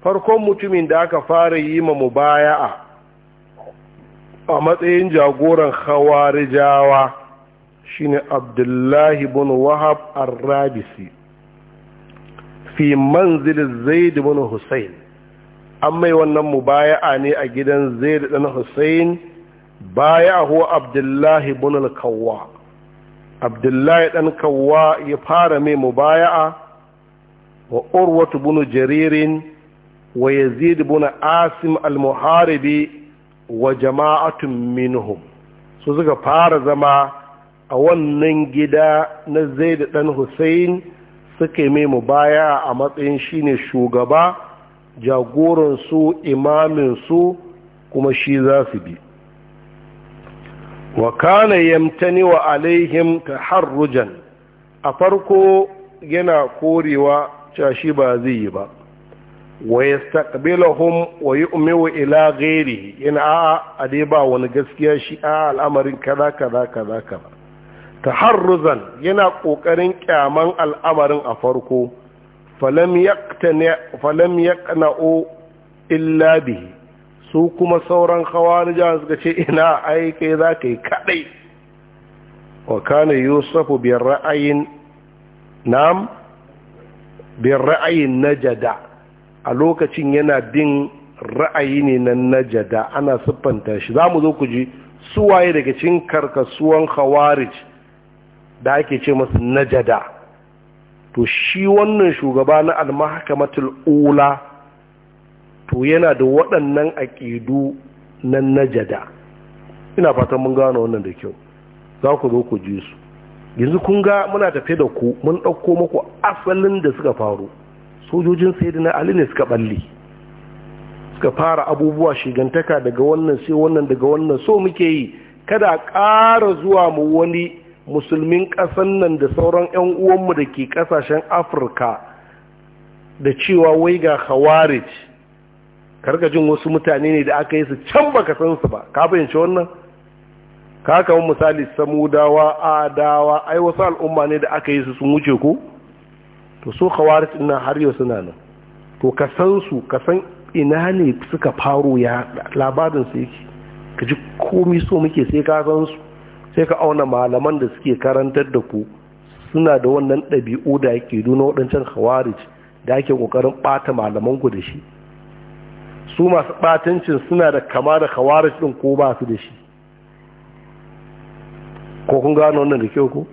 farkon mutumin da aka fara yi ma mubaya'a a matsayin jagoran khawarijawa shine abdullahi bin wahab ar-rabisi fi manzil zaid bin husayn an mai wannan mubaya'a ne a gidan zai zaid ɗan hussein baya'ahu abdullahi bin al abdullahi ɗan kawwa ya fara mai mubaya'a wa urwatu bin jaririn wa yazid bin asim al-muharibi wa jama'atun minhum su suka fara zama a wannan gida na zai da ɗan hussein suka yi mai mubaya'a a matsayin shine shugaba jagoransu imaminsu kuma shi za su bi wa kana yamtani wa alaihim taharrujan a farko yana korewa cashi ba zai yi ba wa yastaqbiluhum wa yu'minu ila ghairihi yana a a dai ba wani gaskiya shi a al'amarin kaza kaza kaza kaza taharruzan yana kokarin kyaman al'amarin a farko falam yaqna'u illa bihi su kuma sauran khawarijan suka ce ina ai kai za ka yi kadai wa kana yusufu bi ra'ayin nam bi ra'ayin najada a lokacin yana bin ra'ayi ne na najada ana siffanta shi za mu zo ku ji suwaye daga cikin karkasuwan khawarij da ake ce masu najada to shi wannan shugaba na almahakamatul ula to yana da waɗannan aƙidu na najada ina fatan mun gano wannan da kyau za ku zo ku ji su yanzu kun ga muna tafe da ku mun ɗauko maku asalin da suka faru sojojin sai na ali ne suka ɓalle suka fara abubuwa shigantaka daga wannan sai wannan daga wannan so muke yi kada a ƙara zuwa mu wani musulmin ƙasan nan da sauran 'yan uwanmu da ke ƙasashen afirka da cewa wai ga khawarij karkajin wasu mutane ne da aka yi su can baka san su ba ka fahimci wannan ka kama misali samudawa adawa ai wasu al'umma ne da aka yi su sun wuce ko? to so khawarij ina har yau suna nan to ka san su ka ina ne suka faro ya labarin su yake ka ji komi so muke sai ka san su sai ka auna malaman da suke karantar da ku suna da wannan ɗabi'u da ke nuna waɗancan khawarij da ake ƙoƙarin ɓata malaman ku da shi su masu ɓatancin suna da kama da khawarij ɗin ko ba su da shi ko kun gano wannan da kyau ko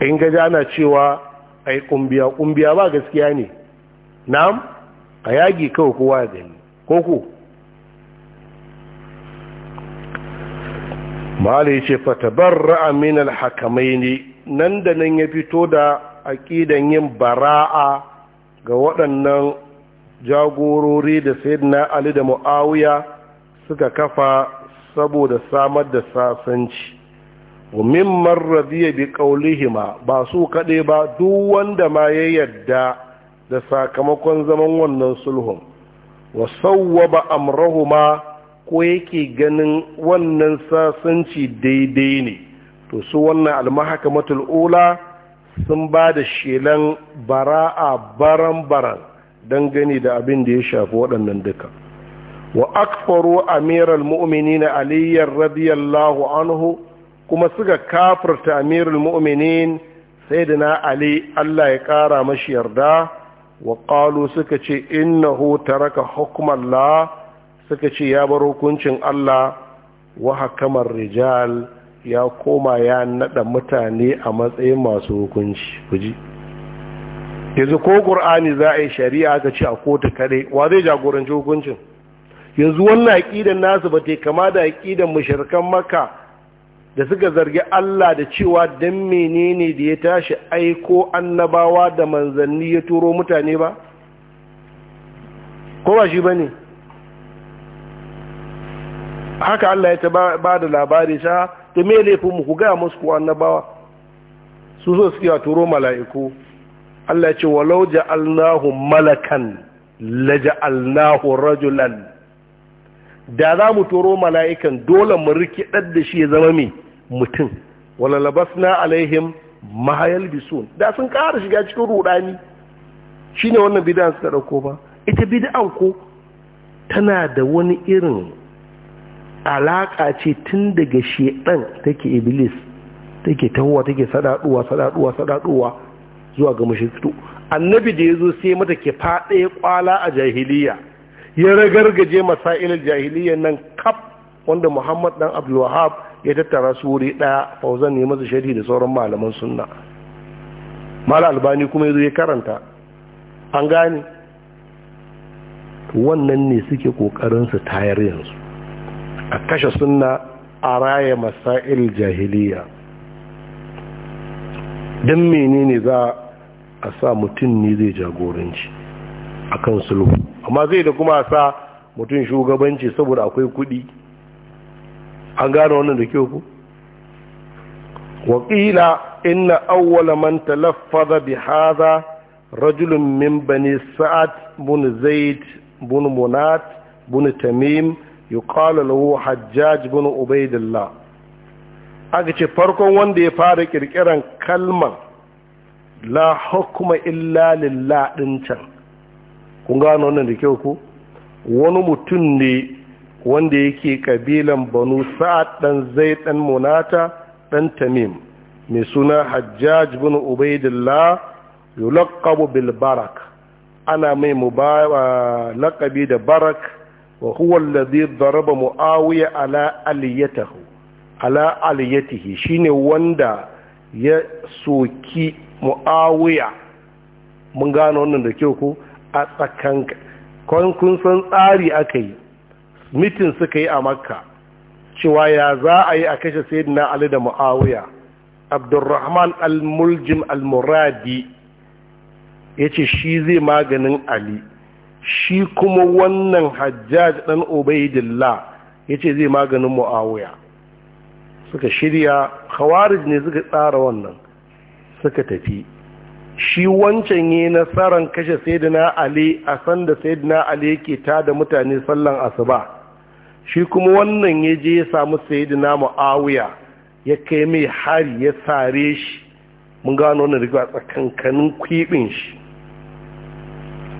in ga ana cewa ai kumbiya kumbiya ba gaskiya ne na a yagi kawai kowa ya gani ko ku mala ya ce fatabarra'a min ne nan da nan ya fito da aƙidan yin bara'a ga waɗannan jagorori da sayyidina ali da mu'awiya suka kafa saboda samar da sasanci wa mimman radiya bi qaulihima ba su kaɗai ba duk wanda ma ya yarda da sakamakon zaman wannan sulhun wa sawwaba amrahuma ko yake ganin wannan sasanci daidai ne to su wannan almahakamatul ula sun ba da shelan bara'a baran-baran don gani da abin da ya shafi waɗannan duka wa akfaru amiral mu'mini na aliyar radiyallahu anhu kuma suka kafirta amiral mu'mini sai da na ali allah ya ƙara mashi yarda wa ƙalu suka ce innahu taraka hukumar la suka ce ya bar hukuncin Allah wa hakamar rijal ya koma ya nada mutane a matsayin masu hukunci kuji yanzu ko ƙur'ani za a yi shari'a ka ce a kotu kare wa zai jagoranci hukuncin yanzu wannan aqidan nasu ba kama da aqidan mushrikan maka da suka zargi Allah da cewa dan menene da ya tashi aiko annabawa da manzanni ya turo mutane ba ko ba shi ba haka Allah ya ta ba da labari sa to me laifin mu ku gaya musu na annabawa su so suke wato turo mala'iku Allah ya ce walau ja'alnahu malakan la ja'alnahu rajulan da za mu turo mala'ikan dole mu rikidar da shi ya zama mai mutum wala labasna alaihim mahayal bisun da sun ƙara shiga cikin rudani shine wannan bid'a ta dauko ba ita bid'an ko tana da wani irin alaƙa ce tun daga shedan take iblis take tawwa take sadaduwa sadaduwa sadaduwa zuwa ga mushriku annabi da yazo sai mata ke faɗe kwala a jahiliya ya ragargaje masa'il jahiliya nan kaf wanda Muhammad dan Abdul Wahhab ya tattara su wuri daya fauzan ne masa sharhi da sauran malaman sunna mal albani kuma yazo ya karanta an gane wannan ne suke kokarin su tayar yanzu a kashe suna a raya masail jahiliya don menene za a sa mutum ne zai jagoranci a kan sulhu amma zai da kuma sa mutum shugabanci saboda akwai kudi an gane wannan da kyau ku wakila inna auwala man talaffaza bi haza rajulun min bani sa'ad bin zaid bin munat bin tamim yuqalu lahu hajjaj ibn ubaidillah aka ce farkon wanda ya fara kirkiran kalman la hukuma illa lillah din can kun gano wannan da kyau ko wani mutum ne wanda yake kabilan banu sa'ad dan zai dan munata dan tamim mai suna hajjaj bin ubaidillah yulaqabu bil barak ana mai mubaya laqabi da barak wa huwa alladhi daraba muawiya ala aliyatahu ala aliyatihi shine wanda ya soki muawiya mun gano wannan da kyau ko a tsakan kun san tsari aka yi mitin suka yi a makka cewa ya za a yi a kashe sayyidina ali da muawiya abdurrahman al almuradi al-muradi yace shi zai maganin ali shi kuma wannan hajjaj dan ubaidillah yace zai maganin muawiya suka shirya khawarij ne suka tsara wannan suka tafi shi wancan yi nasaran kashe sayyidina ali a sanda sayyidina ali yake tada mutane sallan asuba shi kuma wannan ya je ya samu sayyidina muawiya ya kai mai hari ya sare shi mun gano wannan rigwa tsakankanin kwibin shi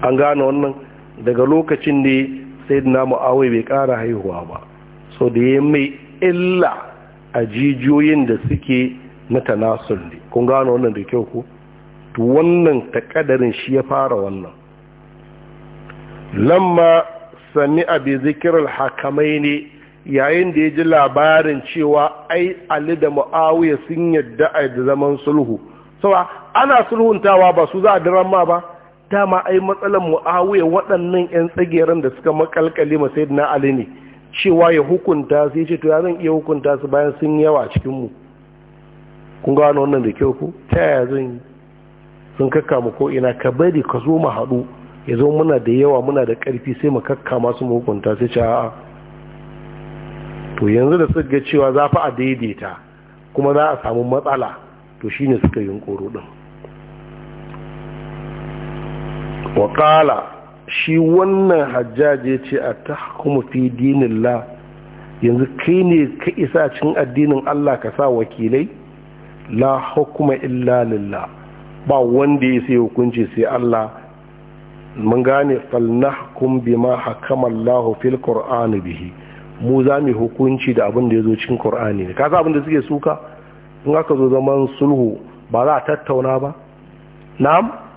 an gano wannan daga lokacin ne sai da na mu'awai bai ƙara haihuwa ba so da ya mai illa a jijiyoyin da suke na tanasul ne kun gano wannan da kyau ku to wannan takadarin shi ya fara wannan lamma sami bai zikirar hakamai ne yayin da ya ji labarin cewa ai ali da mu'awiya sun yadda a zaman sulhu sawa ana sulhuntawa ba su za a ma ba dama ai mu mu'awiya waɗannan 'yan tsageren da suka makalkale masai na ali ne cewa ya hukunta su ce to ya zan iya hukunta su bayan sun yawa cikinmu kun gano wannan da kyau ku ta yaya zan yi sun kakkama ko ina ka bari ka zo mu haɗu ya zo muna da yawa muna da ƙarfi sai mu kakkama su mu hukunta sai ce a'a to yanzu da suka ga cewa za fa a daidaita kuma za a samu matsala to shine suka yi koro din waƙala shi wannan hajjaje ce a ta kuma fi dinin la yanzu kai ne ka isa cin addinin allah ka sa wakilai la hukuma illa lillah ba wanda ya sai hukunci sai allah mun gane falnahkum bima hakama allah fil qur'ani bihi mu za mu hukunci da abin da ya zo cikin kur'ani ne kasa abin da suke suka in aka zo zaman sulhu ba za a tattauna ba na'am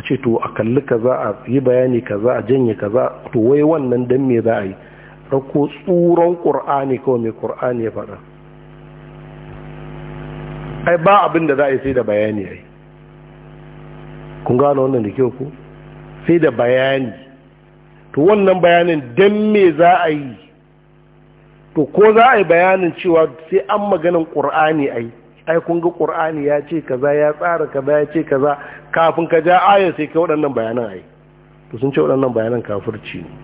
a ce to a kalli ka za a yi bayani ka za, a janye za, to wai wannan dan me za a yi rako tsoron ƙur'ani kawai mai ƙur'ani ya faɗa ai ba abin da za a yi sai da bayani ya yi kun gano wannan da kyau ku sai da bayani to wannan bayanin dan me za a yi to ko za a yi bayanin cewa sai an maganin ƙur'ani a yi ai kun ga qur'ani ya ce kaza ya tsara kaza ya ce kaza kafin ka ja aya sai kai waɗannan bayanan ai to sun ce waɗannan bayanan kafirci ne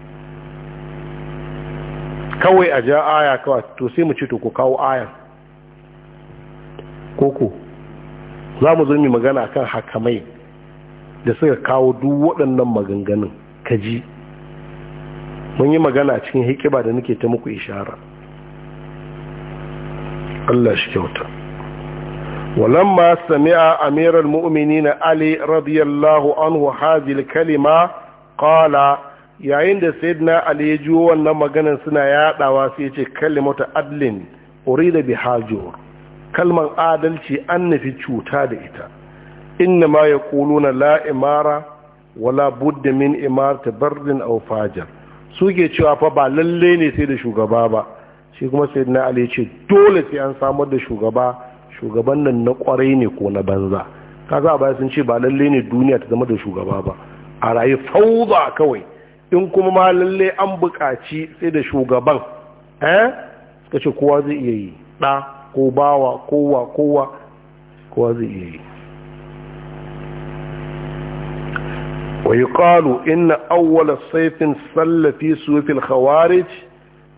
kawai a ja aya kawai to sai mu ce to ku kawo aya koko za mu zo mu magana kan hakamai da suka kawo duk waɗannan maganganun kaji mun yi magana cikin hikima da nake ta muku ishara Allah shi kyauta ولما سمع أمير المؤمنين علي رضي anhu عنه kalima الكلمة yayin da sayyidina ali ya ji wannan maganar suna yaɗawa sai ya ce kalimatu adlin urida bi hajur adalci an nufi cuta da ita inna ya yaquluna la imara wala budda min imarati bardin aw fajar suke cewa fa ba lallai ne sai da shugaba ba shi kuma sayyidina ali ya ce dole sai an samar da shugaba shugaban nan na kwarai ne ko na banza kaga a baya sun ce ba lalle ne duniya ta zama da shugaba ba a rayu fauza kawai in kuma ma lalle an buƙaci sai da shugaban eh suka ce kowa zai iya yi ɗa ko bawa kowa kowa kowa zai iya yi ويقال إن أول صيف صلى في سوف الخوارج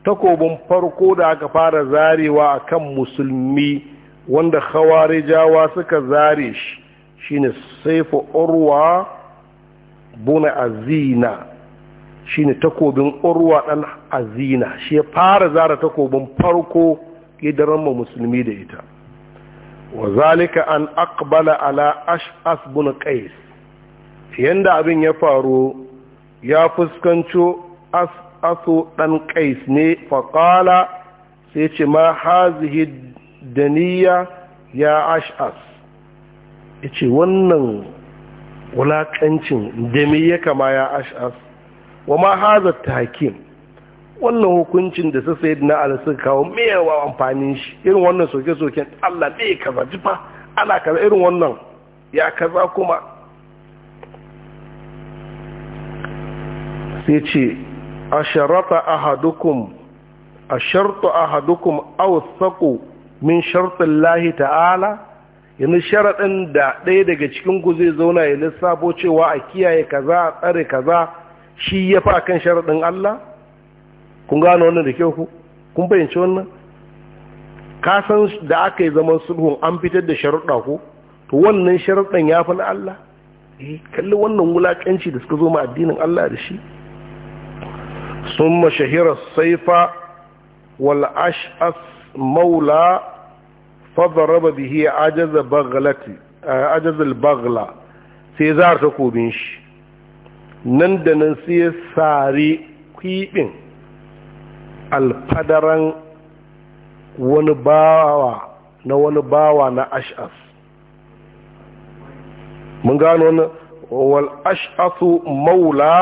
takobin farko da aka fara zarewa a kan musulmi wanda khawarijawa suka zare shi ne saifu urwa buna azina ne takobin urwa dan azina shi ya fara zara takobin farko gidan musulmi da ita wa zalika an aqbala ala ash'as bin qais yanda abin ya faru ya fuskanci as'asu ɗan qais ne faqala sai ce ma hazihi da niyya ya ash'as ce wannan wulaƙancin da mai ya kama ya ash'as wa ma haza hakim wannan hukuncin da su sayi na ala suka kawo mewa amfanin shi irin wannan soke-soken allah ɗaya kaza jifa ana kaza irin wannan ya kaza kuma sai ce a sharata ahadukum a sharta ahadukum aw saƙo min sharɗin lahi ta'ala yanzu sharaɗin da ɗaya daga cikin ku zai zauna ya lissafo cewa a kiyaye kaza a tsare kaza shi ya fa kan sharaɗin Allah kun gano wannan da kyau ku kun fahimci wannan kasan da aka yi zaman sulhun an fitar da sharaɗa ku to wannan sharaɗin ya fi na Allah eh kalli wannan wulaƙanci da suka zo ma addinin Allah da shi summa shahira saifa wal as. maula fadaraba bihi ajaza baghlati ajaza al-baghla sai zar ta kobin shi nan da nan sai sare kwibin alfadaran wani bawa na wani bawa na ash'as mun gano wannan wal ash'asu maula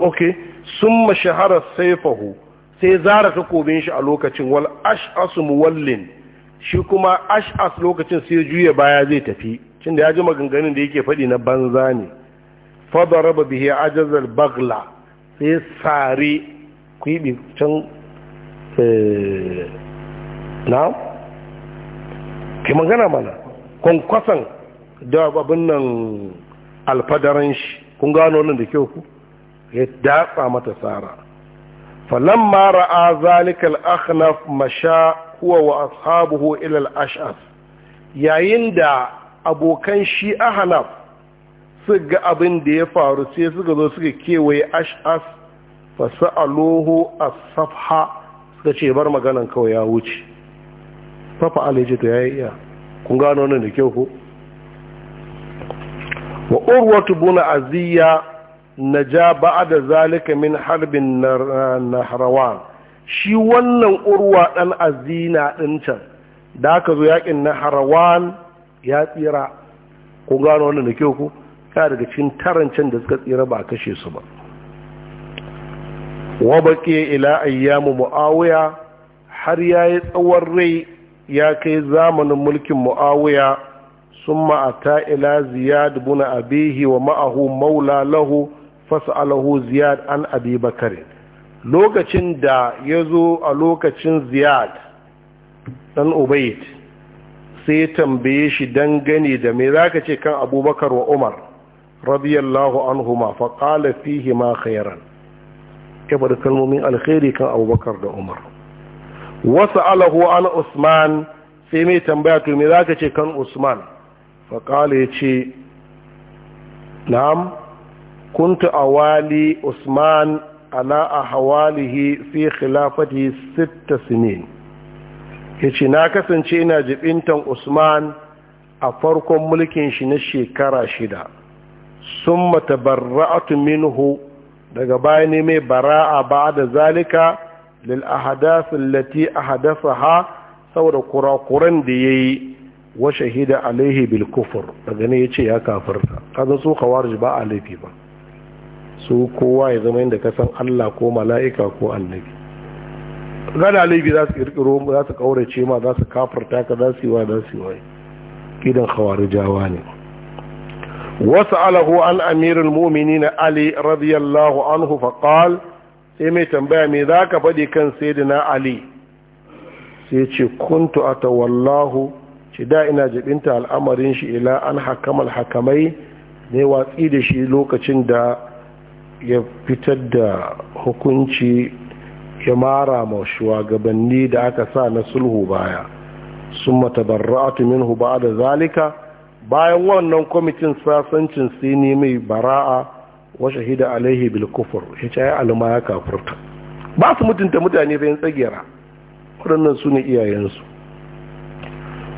ok sun mashahara saifahu sai zara takobin shi a lokacin wal ash'asu muwallin shi kuma ash'as lokacin sai juya baya zai tafi cin ya ji maganganun da yake faɗi na banza ne raba bihi ajazal bagla sai sare kwibi can eh, na ke magana mana kwankwasan da abin nan alfadaran shi kun gano nan da kyau ku ya datsa mata tsara falamma ra'a zalikal akhnaf masha huwa wa ashabuhu ila al yayin da abokan shi ahnaf suka ga abin da ya faru sai suka zo suka kewaye ash'af fa sa'aluhu as-safha suka ce bar maganan kawai ya wuce fafa alaji to yayi iya kun gano nan da kyau ko wa urwatu buna aziya naja da zalika min harbin nahrawan shi wannan urwa dan azina din can da aka zo yakin nahrawan ya tsira ko gano wannan da kyau ku ta daga cikin can da suka tsira ba a kashe su ba wa ila ayyamu muawiya har yayi tsawon rai ya kai zamanin mulkin muawiya summa ata ila ziyad bin abihi wa ma'ahu maula lahu fas'alahu ziyad an abi lokacin da ya zo a lokacin ziyad dan ubaid sai tambaye shi dangane da me zaka ce kan abubakar wa umar radiyallahu anhuma fa qala fihi ma khairan ya kalmomin alkhairi kan abubakar da umar wasu alahu an usman sai mai tambaya to me zaka ce kan usman fa qala ya ce na'am kuntu awali usman ala ahwalihi fi khilafati sitta sinin yace na kasance ina jibintan usman a farkon mulkin shi na shekara shida sun mata barra'atu minhu daga baya ne mai bara'a ba'da zalika lil ahdath allati ahdathaha saboda kurakuran da yayi wa shahida alaihi bil kufr daga ne yace ya kafirta kaga su khawarij ba a laifi ba su kowa ya zama yadda ka san Allah ko mala'ika ko annabi gada laifi za su kirkiro za su kaurace ma za su kafarta ka za su yi wa za su yi wa gidan jawa ne wasu alahu an amirul mumini na ali radiyallahu anhu fakal sai mai tambaya mai za ka faɗi kan saidina ali sai ce kuntu atawallahu ce da ina jibinta al'amarin shi ila an hakamal hakamai ne watsi da shi lokacin da ya fitar da hukunci ya mara ma shugabanni da aka sa na sulhu baya sun matabarra'atu minhu ba da zalika bayan wannan kwamitin sasancin sini mai bara'a wa shahida alaihi bil kufur ya ce ya alama ya kafurta ba su mutunta mutane bayan tsagera waɗannan su ne iyayensu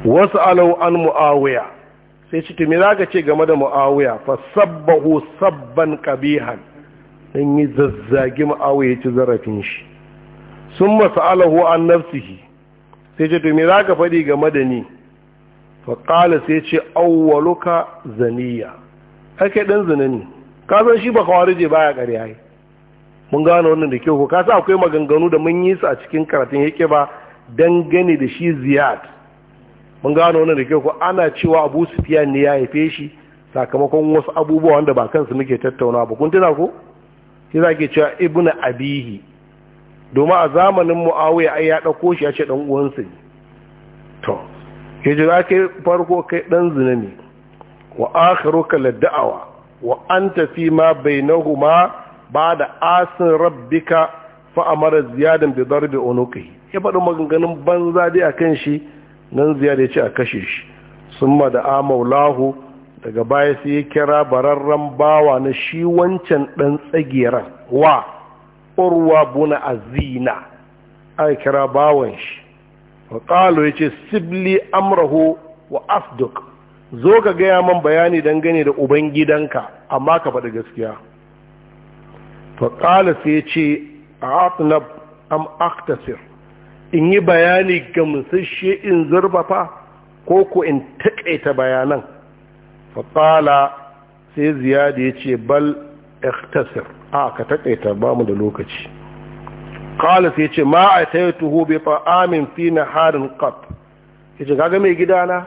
wasu alau an mu'awiya sai ciki me za ka ce game da mu'awiya fa sabbahu sabban kabihan sun yi zazzagi ma'awa ya ci zarafin shi sun alahu an nafsihi sai ce to me za ka faɗi game da ni faƙala sai ce auwaluka zaniya ake ɗan zina ne ka san shi ba je baya ƙarya yi mun gane wannan da kyau ko ka sa akwai maganganu da mun yi su a cikin karatun yake ba dangane da shi ziyad mun gane wannan da kyau ko ana cewa abu sufiyan ne ya haife shi sakamakon wasu abubuwa wanda ba kansu muke tattauna ba kun tuna ko shi za ke cewa ibnu abihi domin a zamanin mu'awiya a ya ɗauko shi ya ce ɗan uwansa ne to ke ji za farko kai ɗan zina ne wa akhiru ka ladda'awa wa an tafi ma bainahuma ba da asin rabbika fa amara ziyadan bi darbi unuqi ya faɗi maganganun banza dai kan shi nan ziyada ya ce a kashe shi summa da amaulahu daga baya sai ya kira bararren bawa na shi wancan ɗan tsagiran wa urwa buna azina aka kira bawan shi faƙalo ya ce sibli amrahu wa afduk zo ka gaya man bayani dangane da ubangidanka amma ka faɗi gaskiya faƙalo sai ya ce a atnab am aktasir in yi bayani gamsasshe in zurfafa ko ko in taƙaita bayanan faƙala sai ziyada ya ce bal ikhtasir a ka taƙaita ba mu da lokaci kala sai ce ma a bai fa amin fi harin qat ya ce gaga mai gidana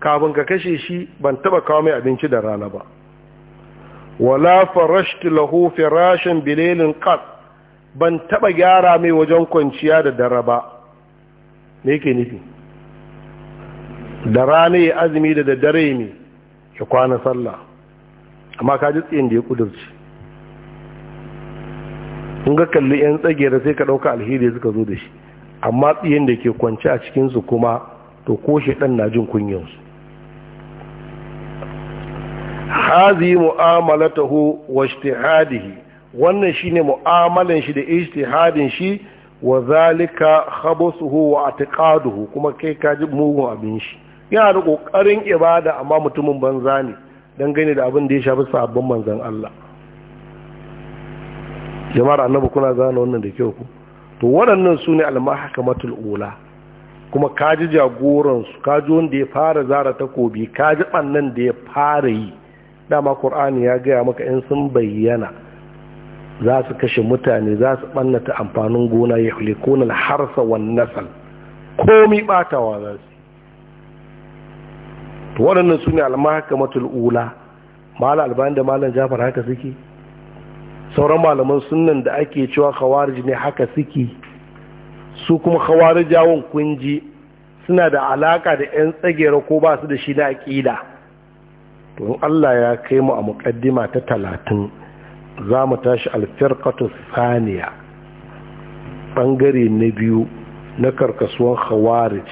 kafin ka kashe shi ban taɓa kawo mai abinci da rana ba wala farashtu lahu firashin bilelin ban taɓa gyara mai wajen kwanciya da dare ba me yake nufi da rana ya azumi da daddare ne ya kwana sallah amma ka ji tsayin da ya kudurci in ga kalli yan tsagera sai ka ɗauka alheri suka zo da shi amma tsayin da ke kwance a cikinsu kuma to ko ɗan na jin kunyansu hazi mu'amalatahu wa ijtihadihi wannan shine mu'amalan shi da ijtihadin shi wa zalika khabsuhu wa atiqaduhu kuma kai ka ji mugun abin shi yana da ƙoƙarin ibada amma mutumin banza ne don gani da abin da ya shafi sabbin manzan Allah jama'ar annabu kuna zana wannan da kyau ku to waɗannan su ne almahakamatul ula kuma kaji jagoransu kaji wanda ya fara zara takobi kaji ɓannan da ya fara yi dama ƙur'ani ya gaya maka in sun bayyana za su kashe mutane za su ɓannata amfanin gona ya hulikuna harsa wannan nasal komi ɓatawa za su to waɗannan su ne almahakamatul ula mala albani da malam jafar haka suke sauran malaman sunan da ake cewa khawarij ne haka suke su kuma khawarijawan kunji suna da alaka da 'yan tsagera ko ba su da shi na aƙida to Allah ya kai mu a muƙaddima ta talatin za mu tashi alfirkatu saniya ɓangare na biyu na karkasuwan khawarij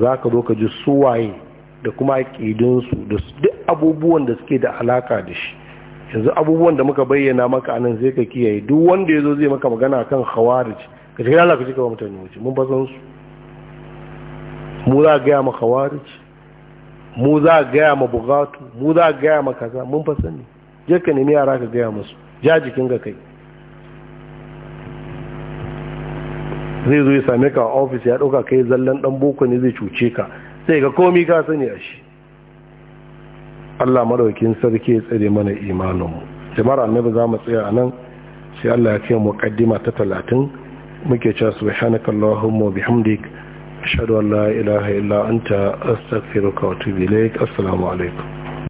za ka zo ka ji suwaye da kuma aƙidunsu da duk abubuwan da suke da alaka da shi yanzu abubuwan da muka bayyana maka anan zai ka kiyaye duk wanda ya zo zai maka magana kan khawarij ka ce Allah ka ji kawai mutane wuce mun fasan su mu za gaya ma khawarij mu za gaya ma bugatu mu za gaya ma kaza mun fasan ne je ka nemi yara ka gaya musu ja jikin ka kai zai zo ya same ka a ofis ya ɗauka kai zallan ɗan boko ne zai cuce ka sai ga komi ka sani a shi Allah maraukin sarki ya tsare mana imaninmu jama'ar annabi za mu tsaya a nan sai Allah ya kai muqaddima ta talatin muke cewa subhanaka allahumma bihamdik ashhadu an la ilaha illa anta astaghfiruka wa atubu ilaik assalamu alaikum